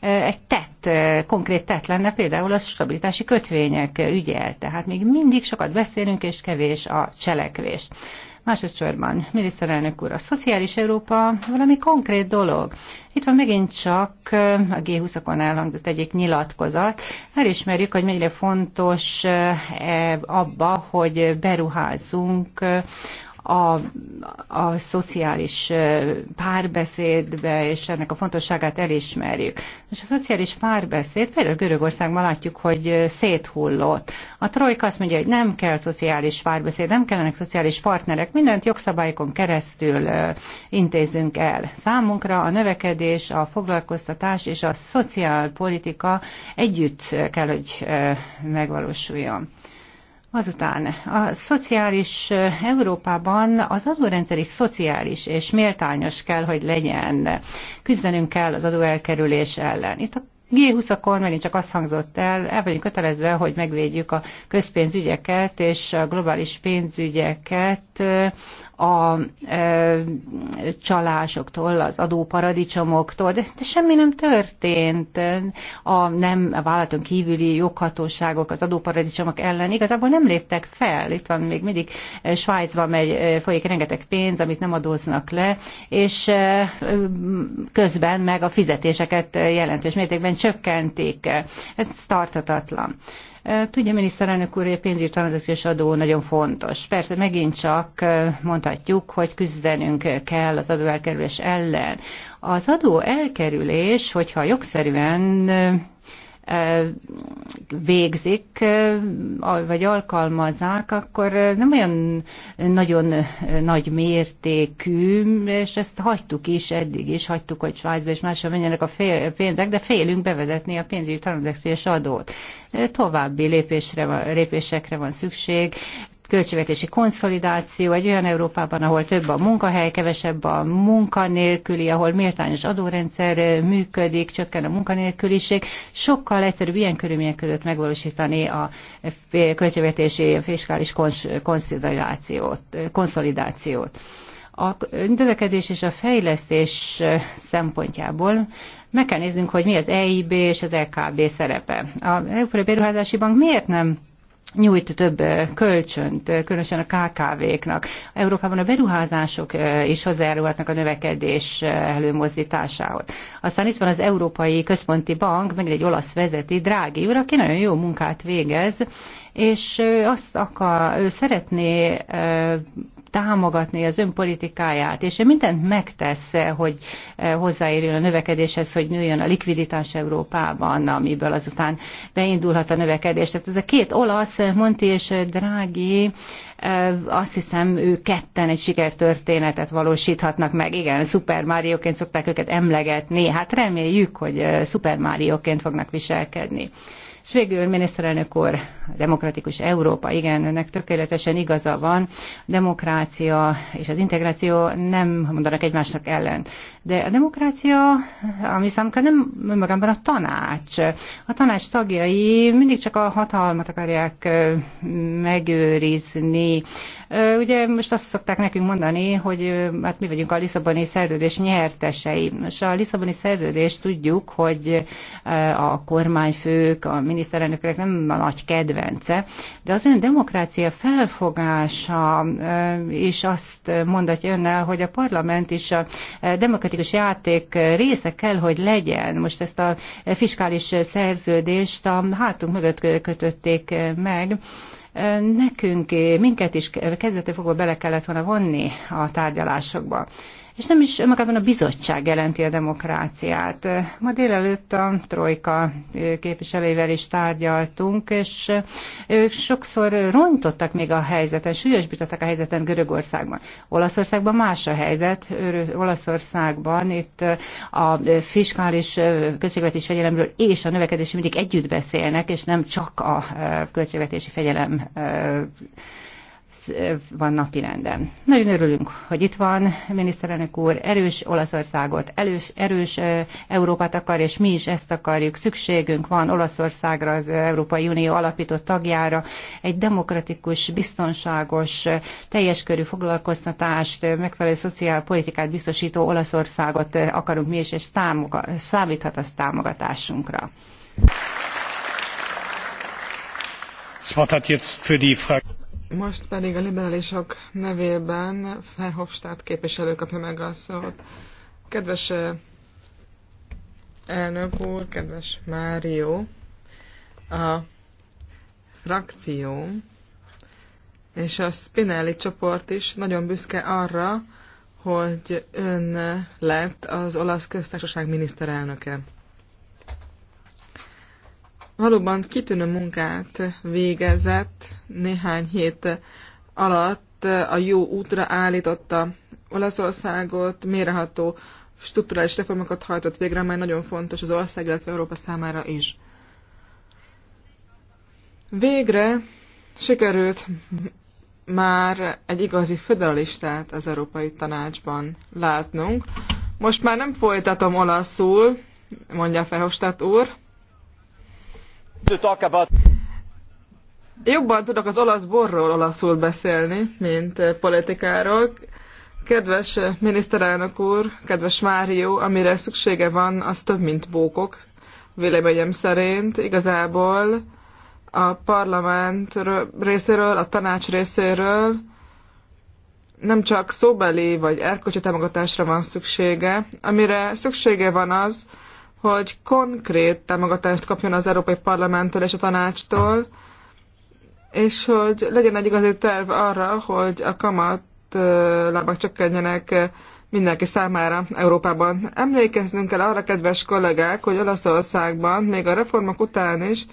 Egy konkrét tett lenne például a stabilitási kötvények ügye. Tehát még mindig sokat beszélünk, és kevés a cselekvés. Másodszorban, miniszterelnök úr, a szociális Európa valami konkrét dolog. Itt van megint csak a G20-akon elhangzott egyik nyilatkozat. Elismerjük, hogy mennyire fontos e, abba, hogy beruházunk a, a szociális párbeszédbe és ennek a fontosságát elismerjük. És a szociális párbeszéd, például Görögországban látjuk, hogy széthullott. A trojka azt mondja, hogy nem kell szociális párbeszéd, nem kellenek szociális partnerek, mindent jogszabályokon keresztül intézünk el. Számunkra a növekedés, a foglalkoztatás és a szociálpolitika együtt kell, hogy megvalósuljon. Azután a szociális Európában az adórendszer is szociális és méltányos kell, hogy legyen. Küzdenünk kell az adóelkerülés ellen. Itt a G20-akon megint csak azt hangzott el, el vagyunk kötelezve, hogy megvédjük a közpénzügyeket és a globális pénzügyeket a e, csalásoktól, az adóparadicsomoktól, de, de semmi nem történt. A nem a vállalaton kívüli joghatóságok az adóparadicsomok ellen igazából nem léptek fel. Itt van még mindig e, Svájcban megy, e, folyik rengeteg pénz, amit nem adóznak le, és közben meg a fizetéseket jelentős mértékben csökkentik. Ez tarthatatlan. Tudja, miniszterelnök úr, hogy a pénzügyi tranzakciós adó nagyon fontos. Persze megint csak mondhatjuk, hogy küzdenünk kell az adóelkerülés ellen. Az adó elkerülés, hogyha jogszerűen végzik, vagy alkalmazzák, akkor nem olyan nagyon nagy mértékű, és ezt hagytuk is eddig is, hagytuk, hogy Svájcba és máshol menjenek a fél, pénzek, de félünk bevezetni a pénzügyi tranzakciós adót. További lépésre, lépésekre van szükség, költségvetési konszolidáció, egy olyan Európában, ahol több a munkahely, kevesebb a munkanélküli, ahol méltányos adórendszer eh, működik, csökken a munkanélküliség, sokkal egyszerűbb ilyen körülmények között megvalósítani a eh, költségvetési fiskális konszolidációt. Eh, konszolidációt. A növekedés és a fejlesztés szempontjából meg kell néznünk, hogy mi az EIB és az LKB e szerepe. A Európai Beruházási Bank miért nem nyújt több kölcsönt, különösen a KKV-knak. Európában a beruházások is hozzájárulhatnak a növekedés előmozdításához. Aztán itt van az Európai Központi Bank, meg egy olasz vezeti, Drági úr, aki nagyon jó munkát végez, és azt akar, ő szeretné támogatni az politikáját, és ő mindent megtesz, eh, hogy eh, hozzáérjön a növekedéshez, hogy nőjön a likviditás Európában, amiből azután beindulhat a növekedés. Tehát ez a két olasz, eh, Monti és Drági, azt hiszem ők ketten egy sikertörténetet valósíthatnak meg. Igen, Super Mario-ként szokták őket emlegetni. Hát reméljük, hogy Super Mario-ként fognak viselkedni. És végül, miniszterelnök úr, demokratikus Európa, igen, önnek tökéletesen igaza van, demokrácia és az integráció nem mondanak egymásnak ellen. De a demokrácia, ami számukra nem önmagában a tanács. A tanács tagjai mindig csak a hatalmat akarják megőrizni. Ugye most azt szokták nekünk mondani, hogy hát mi vagyunk a Lisszaboni szerződés nyertesei. És a Lisszaboni szerződést tudjuk, hogy a kormányfők, a miniszterelnökök nem a nagy kedve kedvence, de az ön demokrácia felfogása is azt mondatja önnel, hogy a parlament is a demokratikus játék része kell, hogy legyen. Most ezt a fiskális szerződést a hátunk mögött kötötték meg, nekünk, minket is kezdetől fogva bele kellett volna vonni a tárgyalásokba. És nem is önmagában a bizottság jelenti a demokráciát. Ma délelőtt a Trojka képviselővel is tárgyaltunk, és ők sokszor rontottak még a helyzeten, súlyosbítottak a helyzeten Görögországban. Olaszországban más a helyzet. Olaszországban itt a fiskális költségvetési fegyelemről és a növekedési mindig együtt beszélnek, és nem csak a költségvetési fegyelem van napirenden. Nagyon örülünk, hogy itt van miniszterelnök úr, erős Olaszországot, erős, erős Európát akar, és mi is ezt akarjuk. Szükségünk van Olaszországra, az Európai Unió alapított tagjára, egy demokratikus, biztonságos, teljes körű foglalkoztatást, megfelelő szociálpolitikát biztosító Olaszországot akarunk mi is, és támoga, számíthat az támogatásunkra. Das Wort hat jetzt für die Frage. Most pedig a liberálisok nevében Ferhofstadt képviselő kapja meg a szót. Kedves eh, elnök úr, kedves Mário, a frakció és a Spinelli csoport is nagyon büszke arra, hogy ön lett az olasz köztársaság miniszterelnöke valóban kitűnő munkát végezett néhány hét alatt a jó útra állította Olaszországot, méreható strukturális reformokat hajtott végre, amely nagyon fontos az ország, illetve Európa számára is. Végre sikerült már egy igazi federalistát az Európai Tanácsban látnunk. Most már nem folytatom olaszul, mondja Ferhofstadt úr, Jobban tudok az olasz borról olaszul beszélni, mint eh, politikáról. Kedves eh, miniszterelnök úr, kedves Mário, amire szüksége van, az több, mint bókok, véleményem szerint. Igazából a parlament részéről, a tanács részéről nem csak szóbeli vagy erkölcsi támogatásra van szüksége, amire szüksége van az, hogy konkrét támogatást kapjon az Európai Parlamenttől és a tanácstól, és hogy legyen egy igazi terv arra, hogy a kamat lábak csökkenjenek mindenki számára Európában. Emlékeznünk kell arra, kedves kollégák, hogy Olaszországban még a reformok után is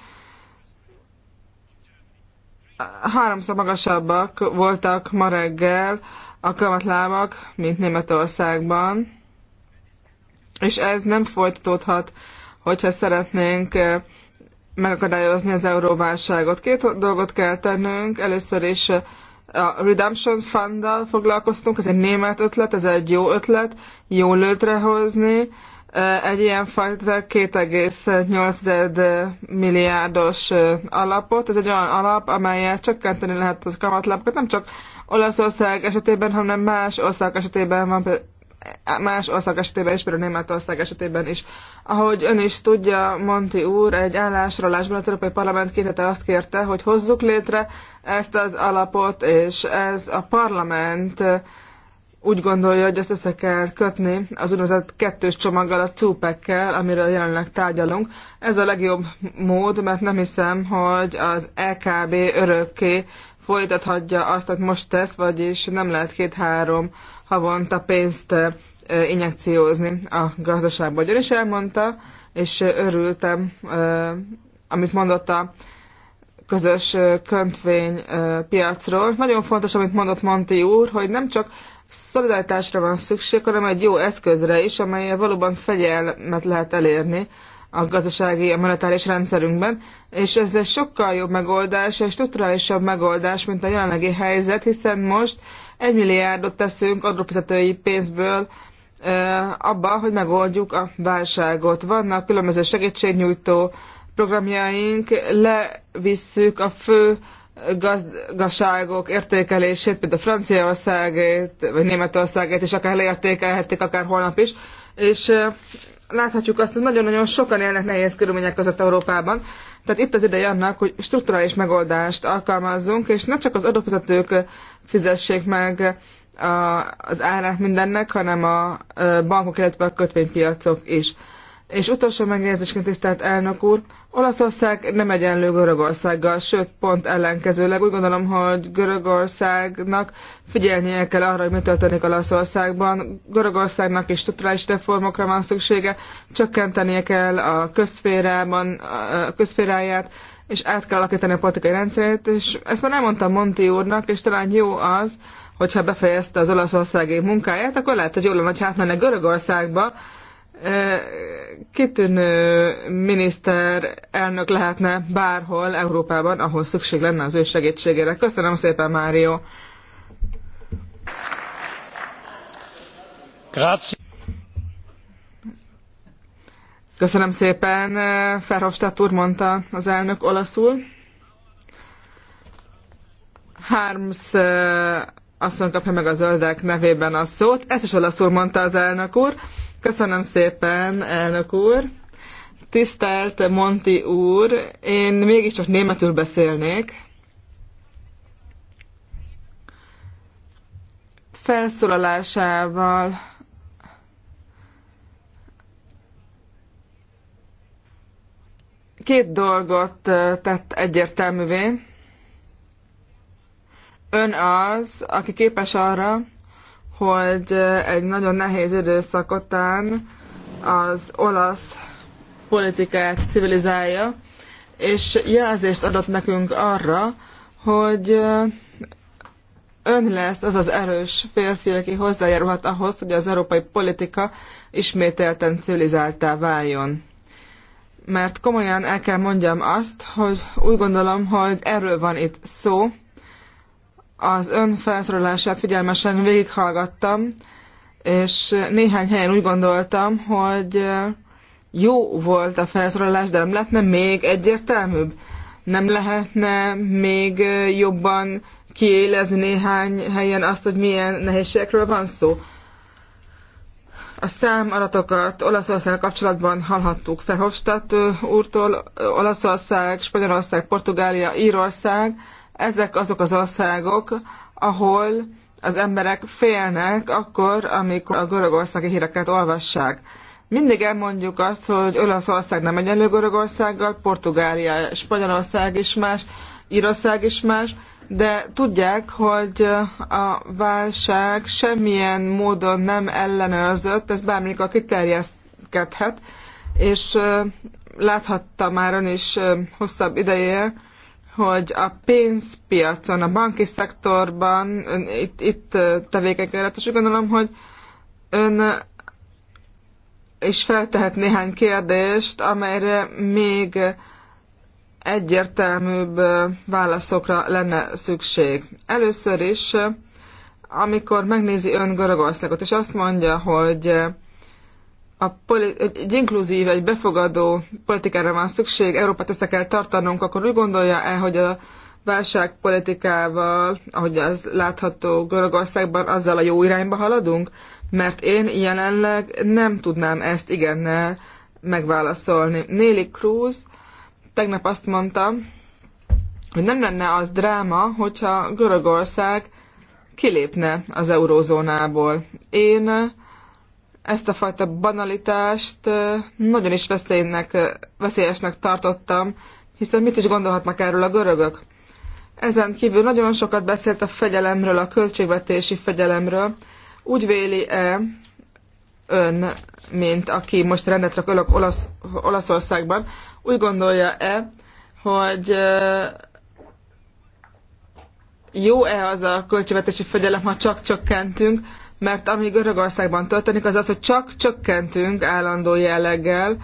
háromszor magasabbak voltak ma reggel a kamatlábak, mint Németországban és ez nem folytatódhat, hogyha szeretnénk eh, megakadályozni az euróválságot. Két dolgot kell tennünk. Először is eh, a Redemption Funddal foglalkoztunk, ez egy német ötlet, ez egy jó ötlet, jó létrehozni. Eh, egy ilyen fajta 2,8 milliárdos alapot, ez egy olyan alap, amelyet csökkenteni lehet az kamatlapokat. nem csak Olaszország esetében, hanem más ország esetében van, más ország esetében is, például Németország esetében is. Ahogy ön is tudja, Monti úr egy állásrólásban az Európai Parlament két hete azt kérte, hogy hozzuk létre ezt az alapot, és ez a parlament úgy gondolja, hogy ezt össze kell kötni az úgynevezett kettős csomaggal, a cúpekkel, amiről jelenleg tárgyalunk. Ez a legjobb mód, mert nem hiszem, hogy az EKB örökké folytathatja azt, hogy most tesz, vagyis nem lehet két-három havonta pénzt injekciózni a gazdaságba. Győr is elmondta, és örültem, amit mondott a közös köntvény piacról. Nagyon fontos, amit mondott Monti úr, hogy nem csak szolidaritásra van szükség, hanem egy jó eszközre is, amelyel valóban fegyelmet lehet elérni a gazdasági, a monetáris rendszerünkben, és ez egy sokkal jobb megoldás, és strukturálisabb megoldás, mint a jelenlegi helyzet, hiszen most egy milliárdot teszünk adófizetői pénzből abba, hogy megoldjuk a válságot. Vannak különböző segítségnyújtó programjaink, levisszük a fő gazdaságok értékelését, például Franciaországét, vagy Németországét és akár leértékelhetik, akár holnap is, és láthatjuk azt, hogy nagyon-nagyon sokan élnek nehéz körülmények között Európában. Tehát itt az ideje annak, hogy strukturális megoldást alkalmazzunk, és ne csak az adófizetők fizessék meg az árát mindennek, hanem a bankok, illetve a kötvénypiacok is. És utolsó megjegyzésként tisztelt elnök úr, Olaszország nem egyenlő Görögországgal, sőt, pont ellenkezőleg. Úgy gondolom, hogy Görögországnak figyelnie kell arra, hogy mi történik Olaszországban. Görögországnak is strukturális reformokra van szüksége, csökkentenie kell a közférában, a közféráját, és át kell alakítani a politikai rendszerét, és ezt már elmondtam Monti úrnak, és talán jó az, hogyha befejezte az olaszországi munkáját, akkor lehet, hogy jól lenne, hogy átmenne Görögországba, kitűnő miniszter elnök lehetne bárhol Európában, ahol szükség lenne az ő segítségére. Köszönöm szépen, Mário! Grazie. Köszönöm szépen, Ferhofstadt úr mondta az elnök olaszul. Harms eh, asszony kapja meg a zöldek nevében a szót. Ezt is olaszul mondta az elnök úr. Köszönöm szépen, elnök úr. Tisztelt Monti úr, én mégiscsak németül beszélnék. Felszólalásával két dolgot eh, tett egyértelművé. Ön az, aki képes arra, hogy egy nagyon nehéz időszak után az olasz politikát civilizálja, és jelzést adott nekünk arra, hogy ön lesz az az erős férfi, aki hozzájárulhat ahhoz, hogy az európai politika ismételten civilizáltá váljon. Mert komolyan el kell mondjam azt, hogy úgy gondolom, hogy erről van itt szó, az ön felszólalását figyelmesen végighallgattam, és néhány helyen úgy gondoltam, hogy jó volt a felszólalás, de nem lehetne még egyértelműbb? Nem lehetne még jobban kiélezni néhány helyen azt, hogy milyen nehézségekről van szó? A számaratokat Olaszország kapcsolatban hallhattuk Verhofstadt úrtól, Olaszország, Spanyolország, Portugália, Írország, ezek azok az országok, ahol az emberek félnek akkor, amikor a görögországi híreket olvassák. Mindig elmondjuk azt, hogy Olaszország nem egyenlő Görögországgal, Portugália, Spanyolország is más, Írország is más, de tudják, hogy a válság semmilyen módon nem ellenőrzött, ez bármikor kiterjeszkedhet, és láthatta már ön is hosszabb ideje, hogy a pénzpiacon, a banki szektorban itt, itt tevékenykedett, és úgy gondolom, hogy ön is feltehet néhány kérdést, amelyre még egyértelműbb válaszokra lenne szükség. Először is, amikor megnézi ön Görögországot, és azt mondja, hogy a poli- egy inkluzív, egy befogadó politikára van szükség, Európát össze kell tartanunk, akkor úgy gondolja el, hogy a válságpolitikával, ahogy az látható Görögországban, azzal a jó irányba haladunk? Mert én jelenleg nem tudnám ezt igennel megválaszolni. Néli Cruz tegnap azt mondta, hogy nem lenne az dráma, hogyha Görögország kilépne az eurózónából. Én ezt a fajta banalitást nagyon is veszélynek, veszélyesnek tartottam, hiszen mit is gondolhatnak erről a görögök? Ezen kívül nagyon sokat beszélt a fegyelemről, a költségvetési fegyelemről. Úgy véli-e ön, mint aki most rendet rak Olasz, Olaszországban, úgy gondolja-e, hogy jó-e az a költségvetési fegyelem, ha csak csökkentünk, mert ami Görögországban történik, az az, hogy csak csökkentünk állandó jelleggel,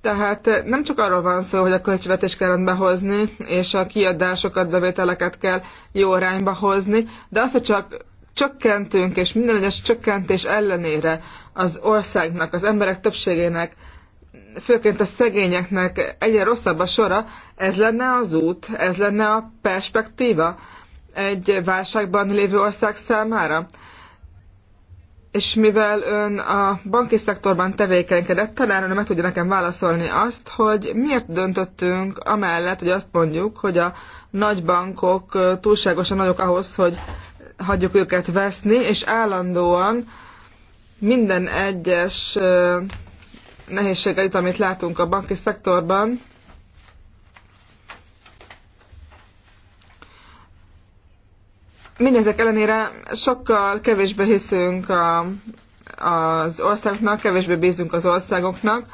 tehát nem csak arról van szó, hogy a költségvetés kell behozni, és a kiadásokat, bevételeket kell jó arányba hozni, de az, hogy csak csökkentünk, és minden egyes csökkentés ellenére az országnak, az emberek többségének, főként a szegényeknek egyre rosszabb a sora, ez lenne az út, ez lenne a perspektíva egy válságban lévő ország számára és mivel ön a banki szektorban tevékenykedett, talán ön meg tudja nekem válaszolni azt, hogy miért döntöttünk amellett, hogy azt mondjuk, hogy a nagy bankok túlságosan nagyok ahhoz, hogy hagyjuk őket veszni, és állandóan minden egyes nehézséget, amit látunk a banki szektorban, mindezek ellenére sokkal kevésbé hiszünk a, az országoknak, kevésbé bízunk az országoknak,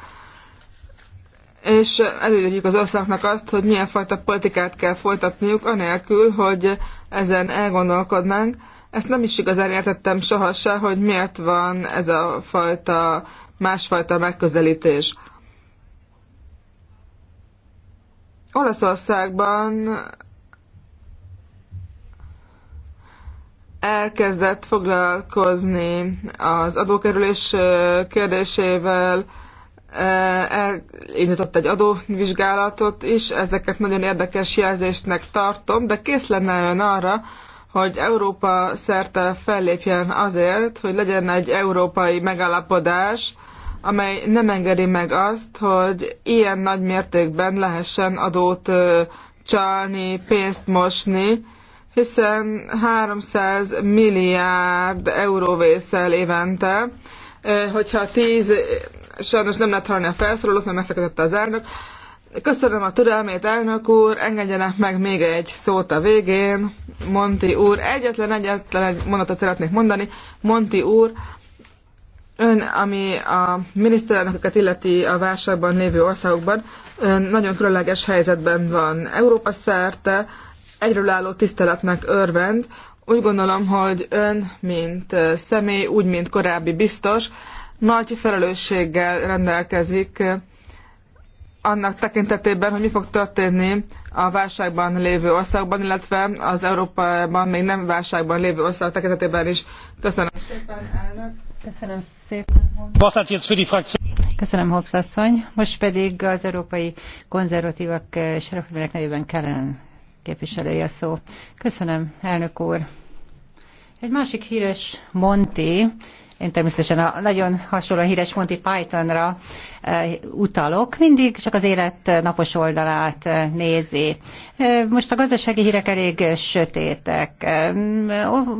és előírjuk az országoknak azt, hogy milyen fajta politikát kell folytatniuk, anélkül, hogy ezen elgondolkodnánk. Ezt nem is igazán értettem soha se, hogy miért van ez a fajta, másfajta megközelítés. Olaszországban elkezdett foglalkozni az adókerülés kérdésével, elindított egy adóvizsgálatot is, ezeket nagyon érdekes jelzésnek tartom, de kész lenne ön arra, hogy Európa szerte fellépjen azért, hogy legyen egy európai megállapodás, amely nem engedi meg azt, hogy ilyen nagy mértékben lehessen adót csalni, pénzt mosni, hiszen 300 milliárd euró vészel évente, hogyha 10, sajnos nem lehet hallani a felszólalót, mert megszakadott az elnök. Köszönöm a türelmét, elnök úr, engedjenek meg még egy szót a végén. Monti úr, egyetlen, egyetlen egy mondatot szeretnék mondani. Monti úr, ön, ami a miniszterelnököket illeti a válságban lévő országokban, ön nagyon különleges helyzetben van Európa szerte, egyrülálló tiszteletnek örvend. Úgy gondolom, hogy ön, mint eh, személy, úgy, mint korábbi biztos, nagy felelősséggel rendelkezik eh, annak tekintetében, hogy mi fog történni a válságban lévő országban, illetve az Európában még nem válságban lévő ország tekintetében is. Köszönöm szépen, elnök. Köszönöm szépen. Köszönöm, Hobbs asszony. Most pedig az európai konzervatívak és eh, reformerek nevében kellene képviselője szó. Köszönöm, elnök úr. Egy másik híres Monty, én természetesen a nagyon hasonló híres Monty Pythonra utalok, mindig csak az élet napos oldalát nézi. Most a gazdasági hírek elég sötétek.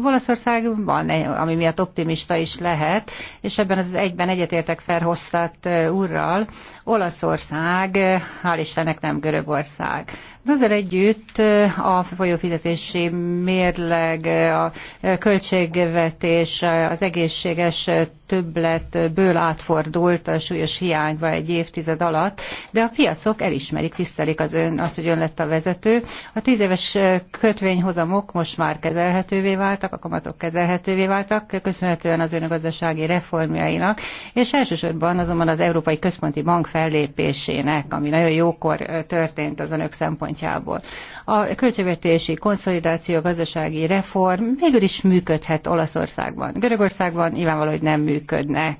Olaszország van, eh, ami miatt optimista is lehet, és ebben az egyben egyetértek Ferhoztat úrral, Olaszország, hál' Istennek nem Görögország. De ezzel együtt a folyófizetési mérleg, a költségvetés, az egészséges többletből átfordult a súlyos hiány irányba egy évtized alatt, de a piacok elismerik, tisztelik az ön, azt, hogy ön lett a vezető. A tíz éves kötvényhozamok most már kezelhetővé váltak, a kamatok kezelhetővé váltak, köszönhetően az önögazdasági reformjainak, és elsősorban azonban az Európai Központi Bank fellépésének, ami nagyon jókor történt az önök szempontjából a költségvetési konszolidáció, gazdasági reform végül is működhet Olaszországban. Görögországban nyilvánvaló, hogy nem működnek.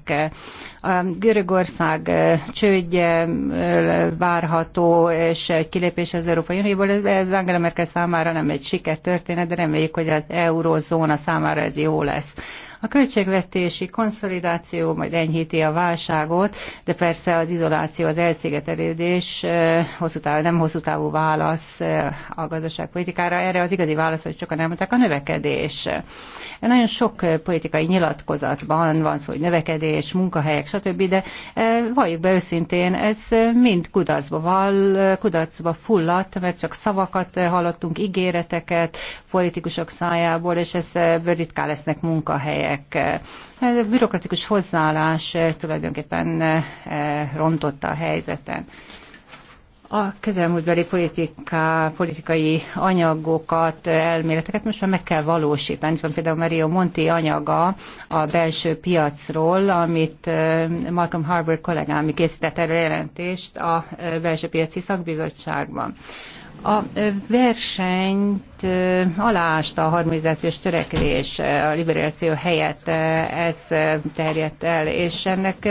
A Görögország csődje várható, és egy kilépés az Európai Unióból, ez Angela Merkel számára nem egy sikertörténet, de reméljük, hogy az eurozóna számára ez jó lesz. A költségvetési konszolidáció majd enyhíti a válságot, de persze az izoláció, az elszigetelődés hosszú távú, nem hosszú távú válasz a gazdaságpolitikára. Erre az igazi válasz, hogy sokan elmondták, a növekedés. Nagyon sok politikai nyilatkozatban van szó, hogy növekedés, munkahelyek, stb., de valljuk be őszintén, ez mind kudarcba val, kudarcba fulladt, mert csak szavakat hallottunk, ígéreteket politikusok szájából, és ez ritkán lesznek munkahelyek emberek. Ez a bürokratikus hozzáállás eh, tulajdonképpen eh, eh, rontotta a helyzeten. A közelmúltbeli politika, politikai anyagokat, elméleteket most már meg kell valósítani. Itt van például Mario Monti anyaga a belső piacról, amit Malcolm Harbour kollégám készített erről jelentést a belső piaci szakbizottságban. A versenyt amit hát, aláásta a harmonizációs törekvés, a liberáció helyett ez terjedt el, és ennek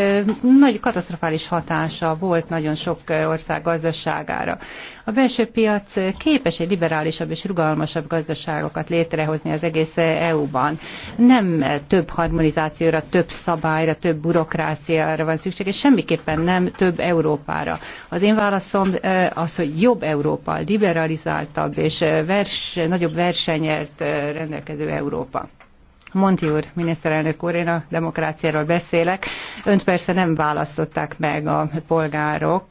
nagy katasztrofális hatása volt nagyon sok ország gazdaságára. A belső piac képes egy liberálisabb és rugalmasabb gazdaságokat létrehozni az egész EU-ban. Nem több harmonizációra, több szabályra, több burokráciára van szükség, és semmiképpen nem több Európára. Az én válaszom az, hogy jobb Európa, liberalizáltabb és vers nagyobb versenyelt eh, rendelkező Európa. Monti úr, miniszterelnök úr, én a demokráciáról beszélek. Önt persze nem választották meg a polgárok,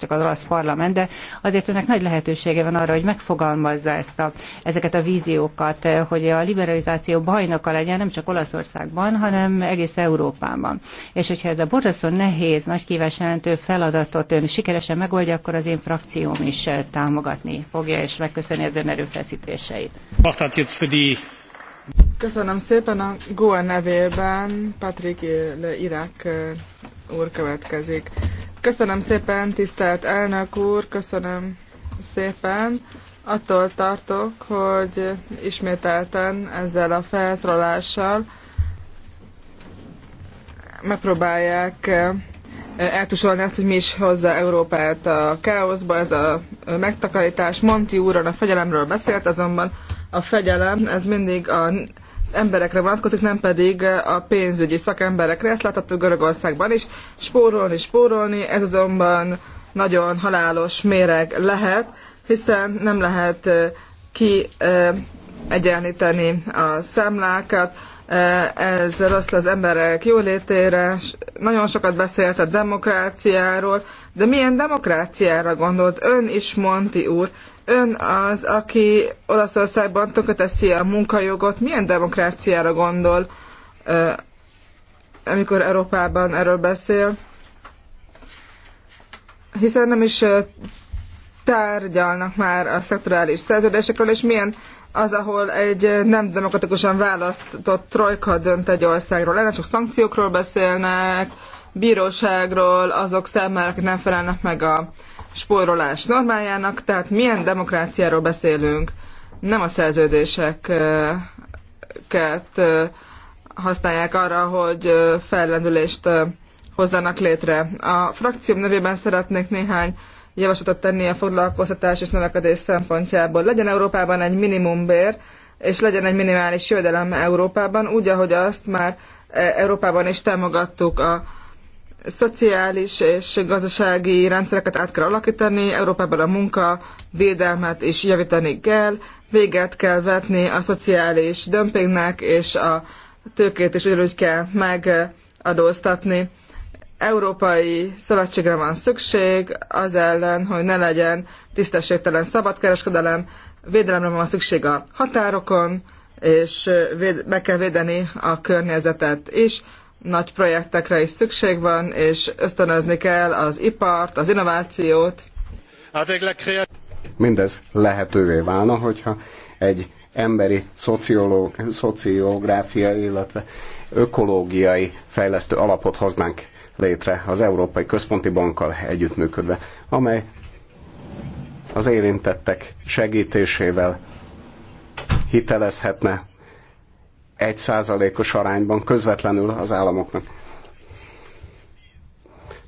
csak az olasz parlament, de azért önnek nagy lehetősége van arra, hogy megfogalmazza ezt a, ezeket a víziókat, hogy a liberalizáció bajnoka legyen nem csak Olaszországban, hanem egész Európában. És hogyha ez a borzasztó nehéz, nagy kívás jelentő feladatot ön sikeresen megoldja, akkor az én frakcióm is támogatni fogja, és megköszöni az ön erőfeszítéseit. Macht hat jetzt für die Köszönöm szépen a GOA nevében Patrik Irák eh, úr következik. Köszönöm szépen, tisztelt elnök úr, köszönöm szépen. Attól tartok, hogy ismételten ezzel a felszólalással megpróbálják eh, eltusolni azt, hogy mi is hozza Európát a káoszba, ez a megtakarítás. Monti úron a fegyelemről beszélt, azonban a fegyelem, ez mindig a az emberekre vonatkozik, nem pedig a pénzügyi szakemberekre. Ezt láthattuk Görögországban is. Spórolni, spórolni, ez azonban nagyon halálos méreg lehet, hiszen nem lehet ki egyenlíteni a számlákat, ez rossz az emberek jólétére, nagyon sokat beszélt a demokráciáról, de milyen demokráciára gondolt ön is, Monti úr? Ön az, aki Olaszországban tönkreteszi a munkajogot, milyen demokráciára gondol, amikor Európában erről beszél? Hiszen nem is tárgyalnak már a szektorális szerződésekről, és milyen az, ahol egy nem demokratikusan választott trojka dönt egy országról. Ennek csak szankciókról beszélnek, bíróságról, azok számára, akik nem felelnek meg a spórolás normájának, tehát milyen demokráciáról beszélünk, nem a szerződéseket használják arra, hogy fellendülést hozzanak létre. A frakcióm nevében szeretnék néhány javaslatot tenni a foglalkoztatás és növekedés szempontjából. Legyen Európában egy minimumbér, és legyen egy minimális jövedelem Európában, úgy, ahogy azt már e, Európában is támogattuk a szociális és gazdasági rendszereket át kell alakítani, Európában a munka védelmet is javítani kell, véget kell vetni a szociális dömpingnek, és a tőkét is ugyanúgy kell megadóztatni. Európai szövetségre van szükség az ellen, hogy ne legyen tisztességtelen szabadkereskedelem, védelemre van szükség a határokon, és meg kell védeni a környezetet is nagy projektekre is szükség van, és ösztönözni kell az ipart, az innovációt. Mindez lehetővé válna, hogyha egy emberi szociológ, szociográfiai, illetve ökológiai fejlesztő alapot hoznánk létre az Európai Központi Bankkal együttműködve, amely az érintettek segítésével hitelezhetne egy százalékos arányban közvetlenül az államoknak.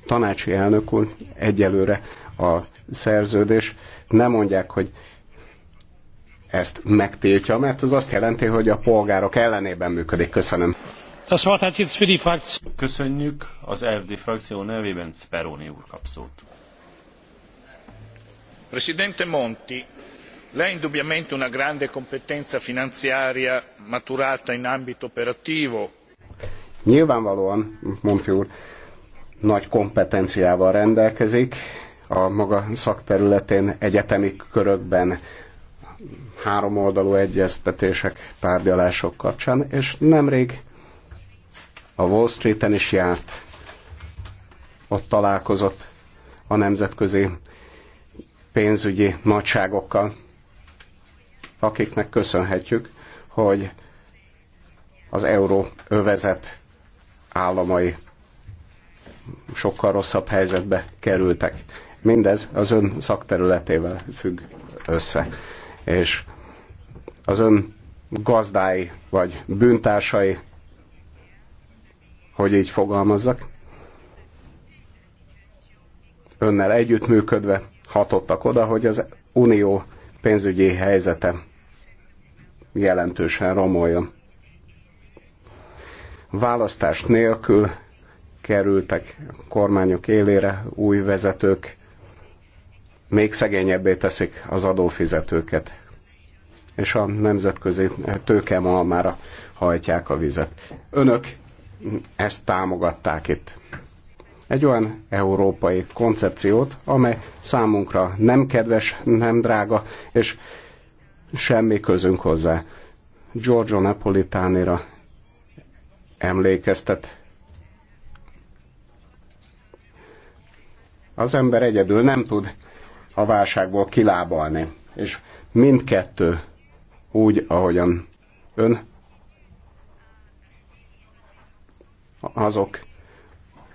Tanácsi elnök úr, egyelőre a szerződés nem mondják, hogy ezt megtiltja, mert az azt jelenti, hogy a polgárok ellenében működik. Köszönöm. Köszönjük az RD frakció nevében Speroni úr kapszót. Presidente Monti, lei ha indubbiamente una grande competenza finanziaria maturata in ambito operativo. nyilvánvalóan monti úr nagy kompetenciával rendelkezik a maga szakterületén egyetemi körökben háromoldalú egyeztetések, tárgyalások kapcsán, és nemrég a Wall Street-en is járt, ott találkozott a nemzetközi pénzügyi nagyságokkal, akiknek köszönhetjük, hogy az euró övezet államai sokkal rosszabb helyzetbe kerültek. Mindez az ön szakterületével függ össze. És az ön gazdái vagy bűntársai, hogy így fogalmazzak, önnel együttműködve hatottak oda, hogy az unió pénzügyi helyzete jelentősen romoljon. Választást nélkül kerültek kormányok élére új vezetők, még szegényebbé teszik az adófizetőket, és a nemzetközi tőkemalmára hajtják a vizet. Önök ezt támogatták itt. Egy olyan európai koncepciót, amely számunkra nem kedves, nem drága, és semmi közünk hozzá. Giorgio Napolitánira emlékeztet. Az ember egyedül nem tud a válságból kilábalni, és mindkettő úgy, ahogyan ön azok,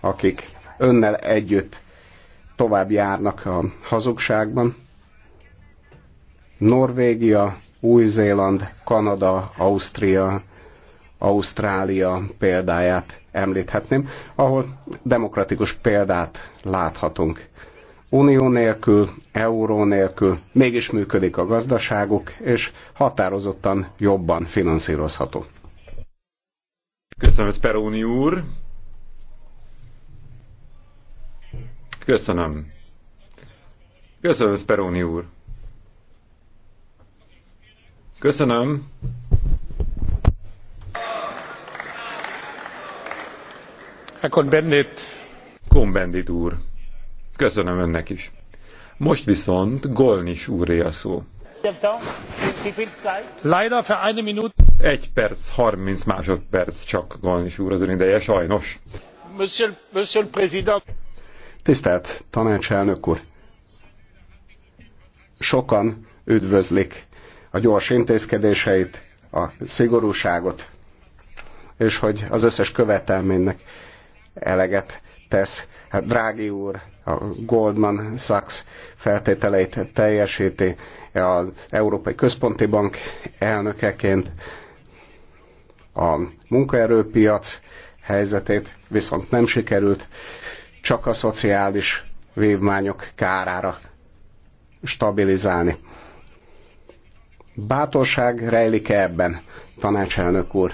akik önnel együtt tovább járnak a hazugságban, Norvégia, Új-Zéland, Kanada, Ausztria, Ausztrália példáját említhetném, ahol demokratikus példát láthatunk. Unió nélkül, euró nélkül mégis működik a gazdaságuk, és határozottan jobban finanszírozható. Köszönöm, Speroni úr! Köszönöm. Köszönöm, Speroni úr! Köszönöm. Konbendit. Bendit úr. Köszönöm önnek is. Most viszont Golnis úré a szó. Leider für eine Minute. Egy perc, 30 másodperc csak Golnis úr az ön ideje, sajnos. Monsieur, Monsieur President. Tisztelt tanácselnök úr! Sokan üdvözlik a gyors intézkedéseit, a szigorúságot, és hogy az összes követelménynek eleget tesz. Hát Drági úr a Goldman Sachs feltételeit teljesíti, az Európai Központi Bank elnökeként a munkaerőpiac helyzetét viszont nem sikerült csak a szociális vívmányok kárára stabilizálni. Bátorság rejlik -e ebben, tanácselnök úr?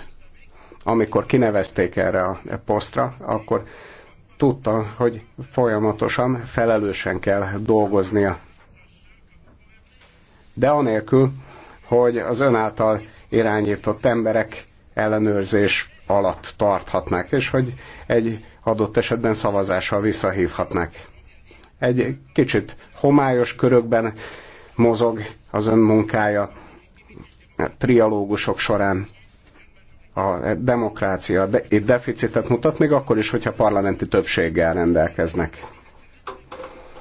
Amikor kinevezték erre a posztra, akkor tudta, hogy folyamatosan, felelősen kell dolgoznia. De anélkül, hogy az ön által irányított emberek ellenőrzés alatt tarthatnák, és hogy egy adott esetben szavazással visszahívhatnák. Egy kicsit homályos körökben mozog az ön munkája, trialógusok során a demokrácia itt deficitet mutat, még akkor is, hogyha parlamenti többséggel rendelkeznek.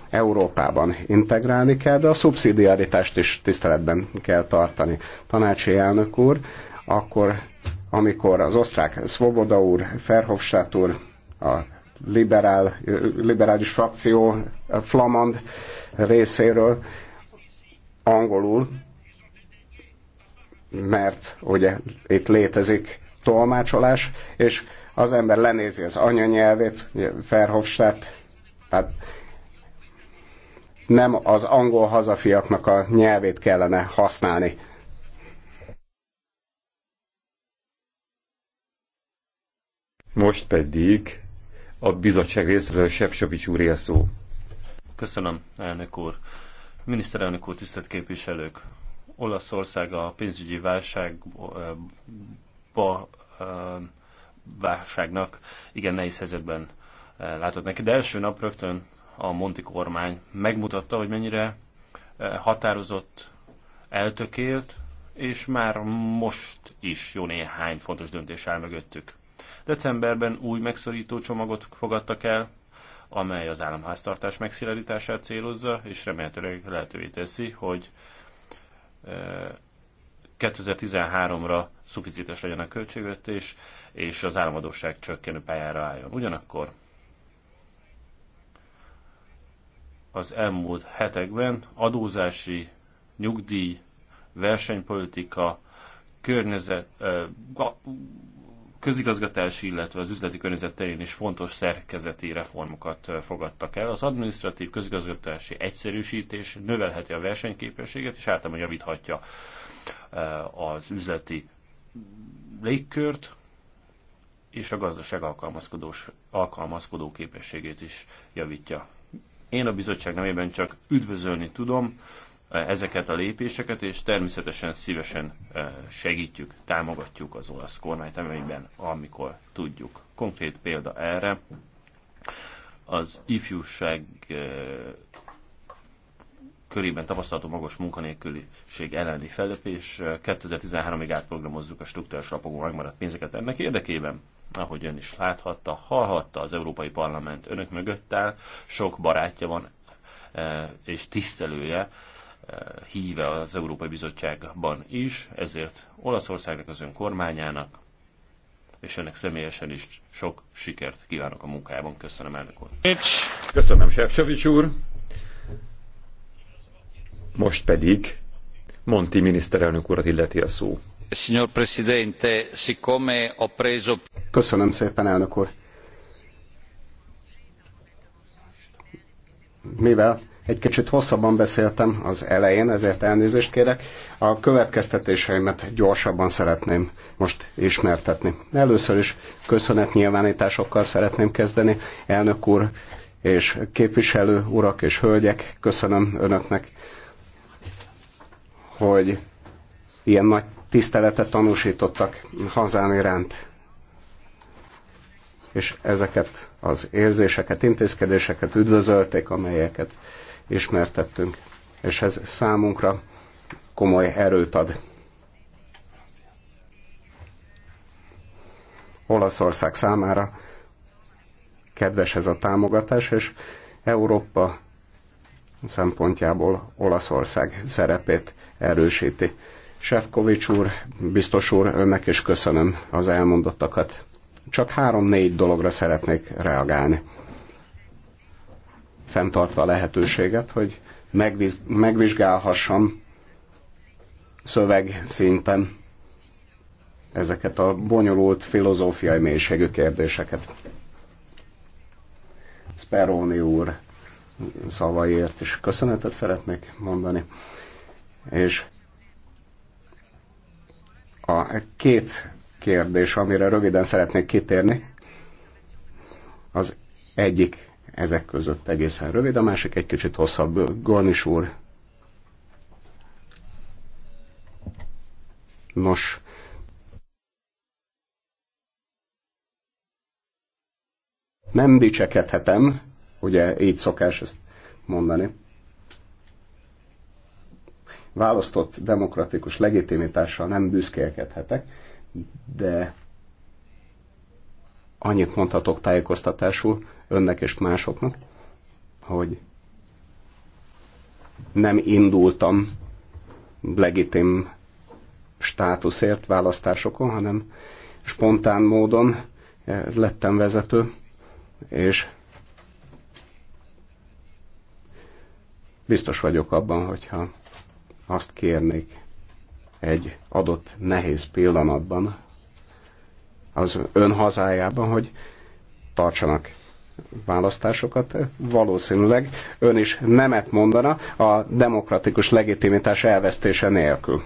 Európában integrálni kell, de a szubszidiaritást is tiszteletben kell tartani. Tanácsi elnök úr, akkor, amikor az osztrák Svoboda úr, Ferhofstadt úr, a liberál, liberális frakció a flamand részéről angolul mert ugye itt létezik tolmácsolás, és az ember lenézi az anyanyelvét, Ferhofstadt, tehát nem az angol hazafiaknak a nyelvét kellene használni. Most pedig a bizottság részéről Sefcsovics úr szó. Köszönöm, elnök úr. Miniszterelnök úr, tisztelt képviselők! Olaszország a pénzügyi válságba válságnak igen nehéz helyzetben látott neki, de első nap rögtön a Monti kormány megmutatta, hogy mennyire határozott, eltökélt, és már most is jó néhány fontos döntés áll mögöttük. Decemberben új megszorító csomagot fogadtak el, amely az államháztartás megszilárdítását célozza, és remélhetőleg lehetővé teszi, hogy 2013-ra szuficites legyen a költségvetés, és az államadóság csökkenő pályára álljon. Ugyanakkor az elmúlt hetekben adózási, nyugdíj, versenypolitika, környezet, közigazgatási, illetve az üzleti környezet terén is fontos szerkezeti reformokat fogadtak el. Az administratív közigazgatási egyszerűsítés növelheti a versenyképességet, és általában javíthatja az üzleti légkört, és a gazdaság alkalmazkodós, alkalmazkodó képességét is javítja. Én a bizottság nevében csak üdvözölni tudom ezeket a lépéseket, és természetesen szívesen eh, segítjük, támogatjuk az olasz kormányt, amelyben, amikor tudjuk. Konkrét példa erre az ifjúság eh, körében tapasztalható magas munkanélküliség elleni fellépés. 2013-ig eh, átprogramozzuk a struktúrás lapokon megmaradt pénzeket ennek érdekében. Ahogy ön is láthatta, hallhatta, az Európai Parlament önök mögött áll, sok barátja van és tisztelője híve az Európai Bizottságban is, ezért Olaszországnak, az ön kormányának, és ennek személyesen is sok sikert kívánok a munkájában. Köszönöm, elnök úr. Köszönöm, Sefcsovics úr. Most pedig Monti miniszterelnök urat illeti a szó. Signor Presidente, siccome ho preso... Köszönöm szépen, elnök úr. Mivel egy kicsit hosszabban beszéltem az elején, ezért elnézést kérek. A következtetéseimet gyorsabban szeretném most ismertetni. Először is köszönetnyilvánításokkal szeretném kezdeni. Elnök úr és képviselő urak és hölgyek, köszönöm önöknek, hogy ilyen nagy tiszteletet tanúsítottak hazám iránt. És ezeket az érzéseket, intézkedéseket üdvözölték, amelyeket ismertettünk, és ez számunkra komoly erőt ad. Olaszország számára kedves ez a támogatás, és Európa szempontjából Olaszország szerepét erősíti. Sefkovics úr, biztos úr, önnek is köszönöm az elmondottakat. Csak három-négy dologra szeretnék reagálni fenntartva a lehetőséget, hogy megviz, megvizsgálhassam szöveg szinten ezeket a bonyolult filozófiai mélységű kérdéseket. Speroni úr szavaiért is köszönetet szeretnék mondani, és a két kérdés, amire röviden szeretnék kitérni, az egyik ezek között egészen rövid, a másik egy kicsit hosszabb. Gornis úr. Nos, nem dicsekedhetem, ugye így szokás ezt mondani. Választott demokratikus legitimitással nem büszkélkedhetek, de annyit mondhatok tájékoztatásul, önnek és másoknak, hogy nem indultam legitim státuszért választásokon, hanem spontán módon eh, lettem vezető, és biztos vagyok abban, hogyha azt kérnék egy adott nehéz pillanatban az ön hazájában, hogy tartsanak választásokat, valószínűleg ön is nemet mondana a demokratikus legitimitás elvesztése nélkül.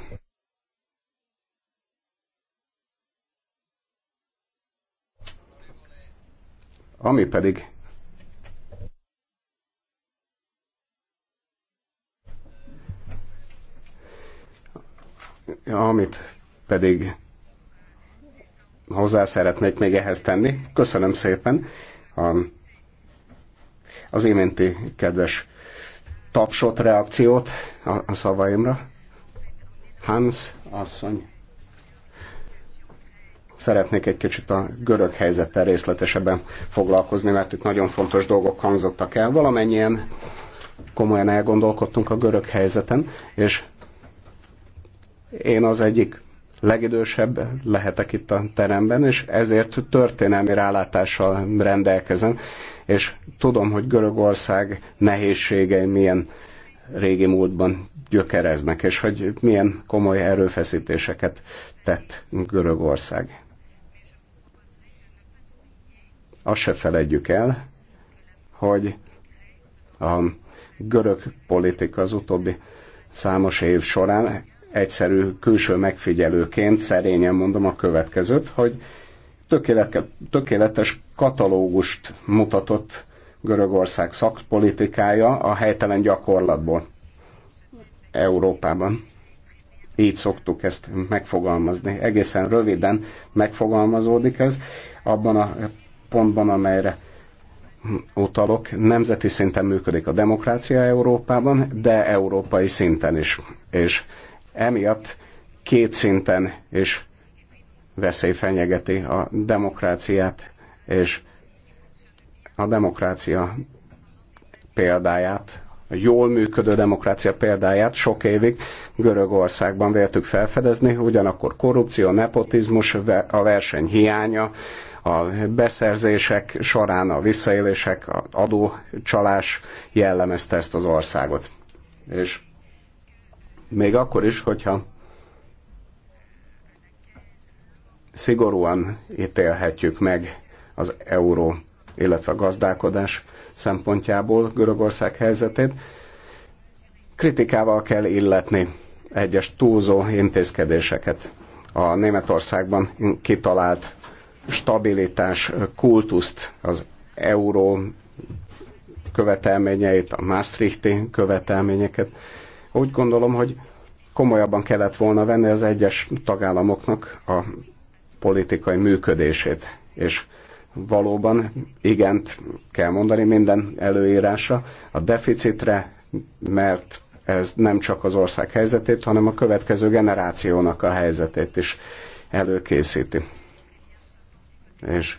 Ami pedig amit pedig hozzá szeretnék még ehhez tenni. Köszönöm szépen a az iménti kedves tapsot, reakciót a szavaimra. Hans asszony, szeretnék egy kicsit a görög helyzettel részletesebben foglalkozni, mert itt nagyon fontos dolgok hangzottak el. Valamennyien komolyan elgondolkodtunk a görög helyzeten, és én az egyik legidősebb lehetek itt a teremben, és ezért történelmi rálátással rendelkezem, és tudom, hogy Görögország nehézségei milyen régi múltban gyökereznek, és hogy milyen komoly erőfeszítéseket tett Görögország. Azt se felejtjük el, hogy a görög politika az utóbbi számos év során egyszerű külső megfigyelőként szerényen mondom a következőt, hogy tökéletes katalógust mutatott Görögország szakpolitikája a helytelen gyakorlatból Európában. Így szoktuk ezt megfogalmazni. Egészen röviden megfogalmazódik ez abban a pontban, amelyre utalok. Nemzeti szinten működik a demokrácia Európában, de európai szinten is. És emiatt két szinten is veszély fenyegeti a demokráciát, és a demokrácia példáját, a jól működő demokrácia példáját sok évig Görögországban véltük felfedezni, ugyanakkor korrupció, nepotizmus, a verseny hiánya, a beszerzések során a visszaélések, az adócsalás jellemezte ezt az országot. És még akkor is, hogyha szigorúan ítélhetjük meg az euró, illetve a gazdálkodás szempontjából Görögország helyzetét. Kritikával kell illetni egyes túlzó intézkedéseket. A Németországban kitalált stabilitás kultuszt, az euró követelményeit, a Maastrichti követelményeket. Úgy gondolom, hogy komolyabban kellett volna venni az egyes tagállamoknak a politikai működését. És valóban igent kell mondani minden előírása a deficitre, mert ez nem csak az ország helyzetét, hanem a következő generációnak a helyzetét is előkészíti. És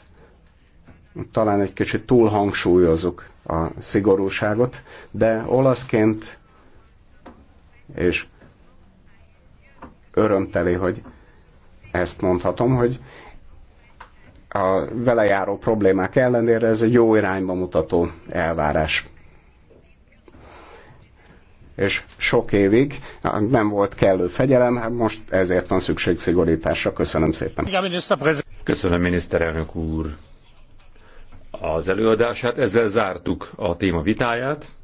talán egy kicsit túl hangsúlyozzuk a szigorúságot, de olaszként és örömteli, hogy ezt mondhatom, hogy a vele járó problémák ellenére ez egy jó irányba mutató elvárás. És sok évig nem volt kellő fegyelem, hát most ezért van szükség szigorításra. Köszönöm szépen. Köszönöm, miniszterelnök úr, az előadását. Ezzel zártuk a téma vitáját.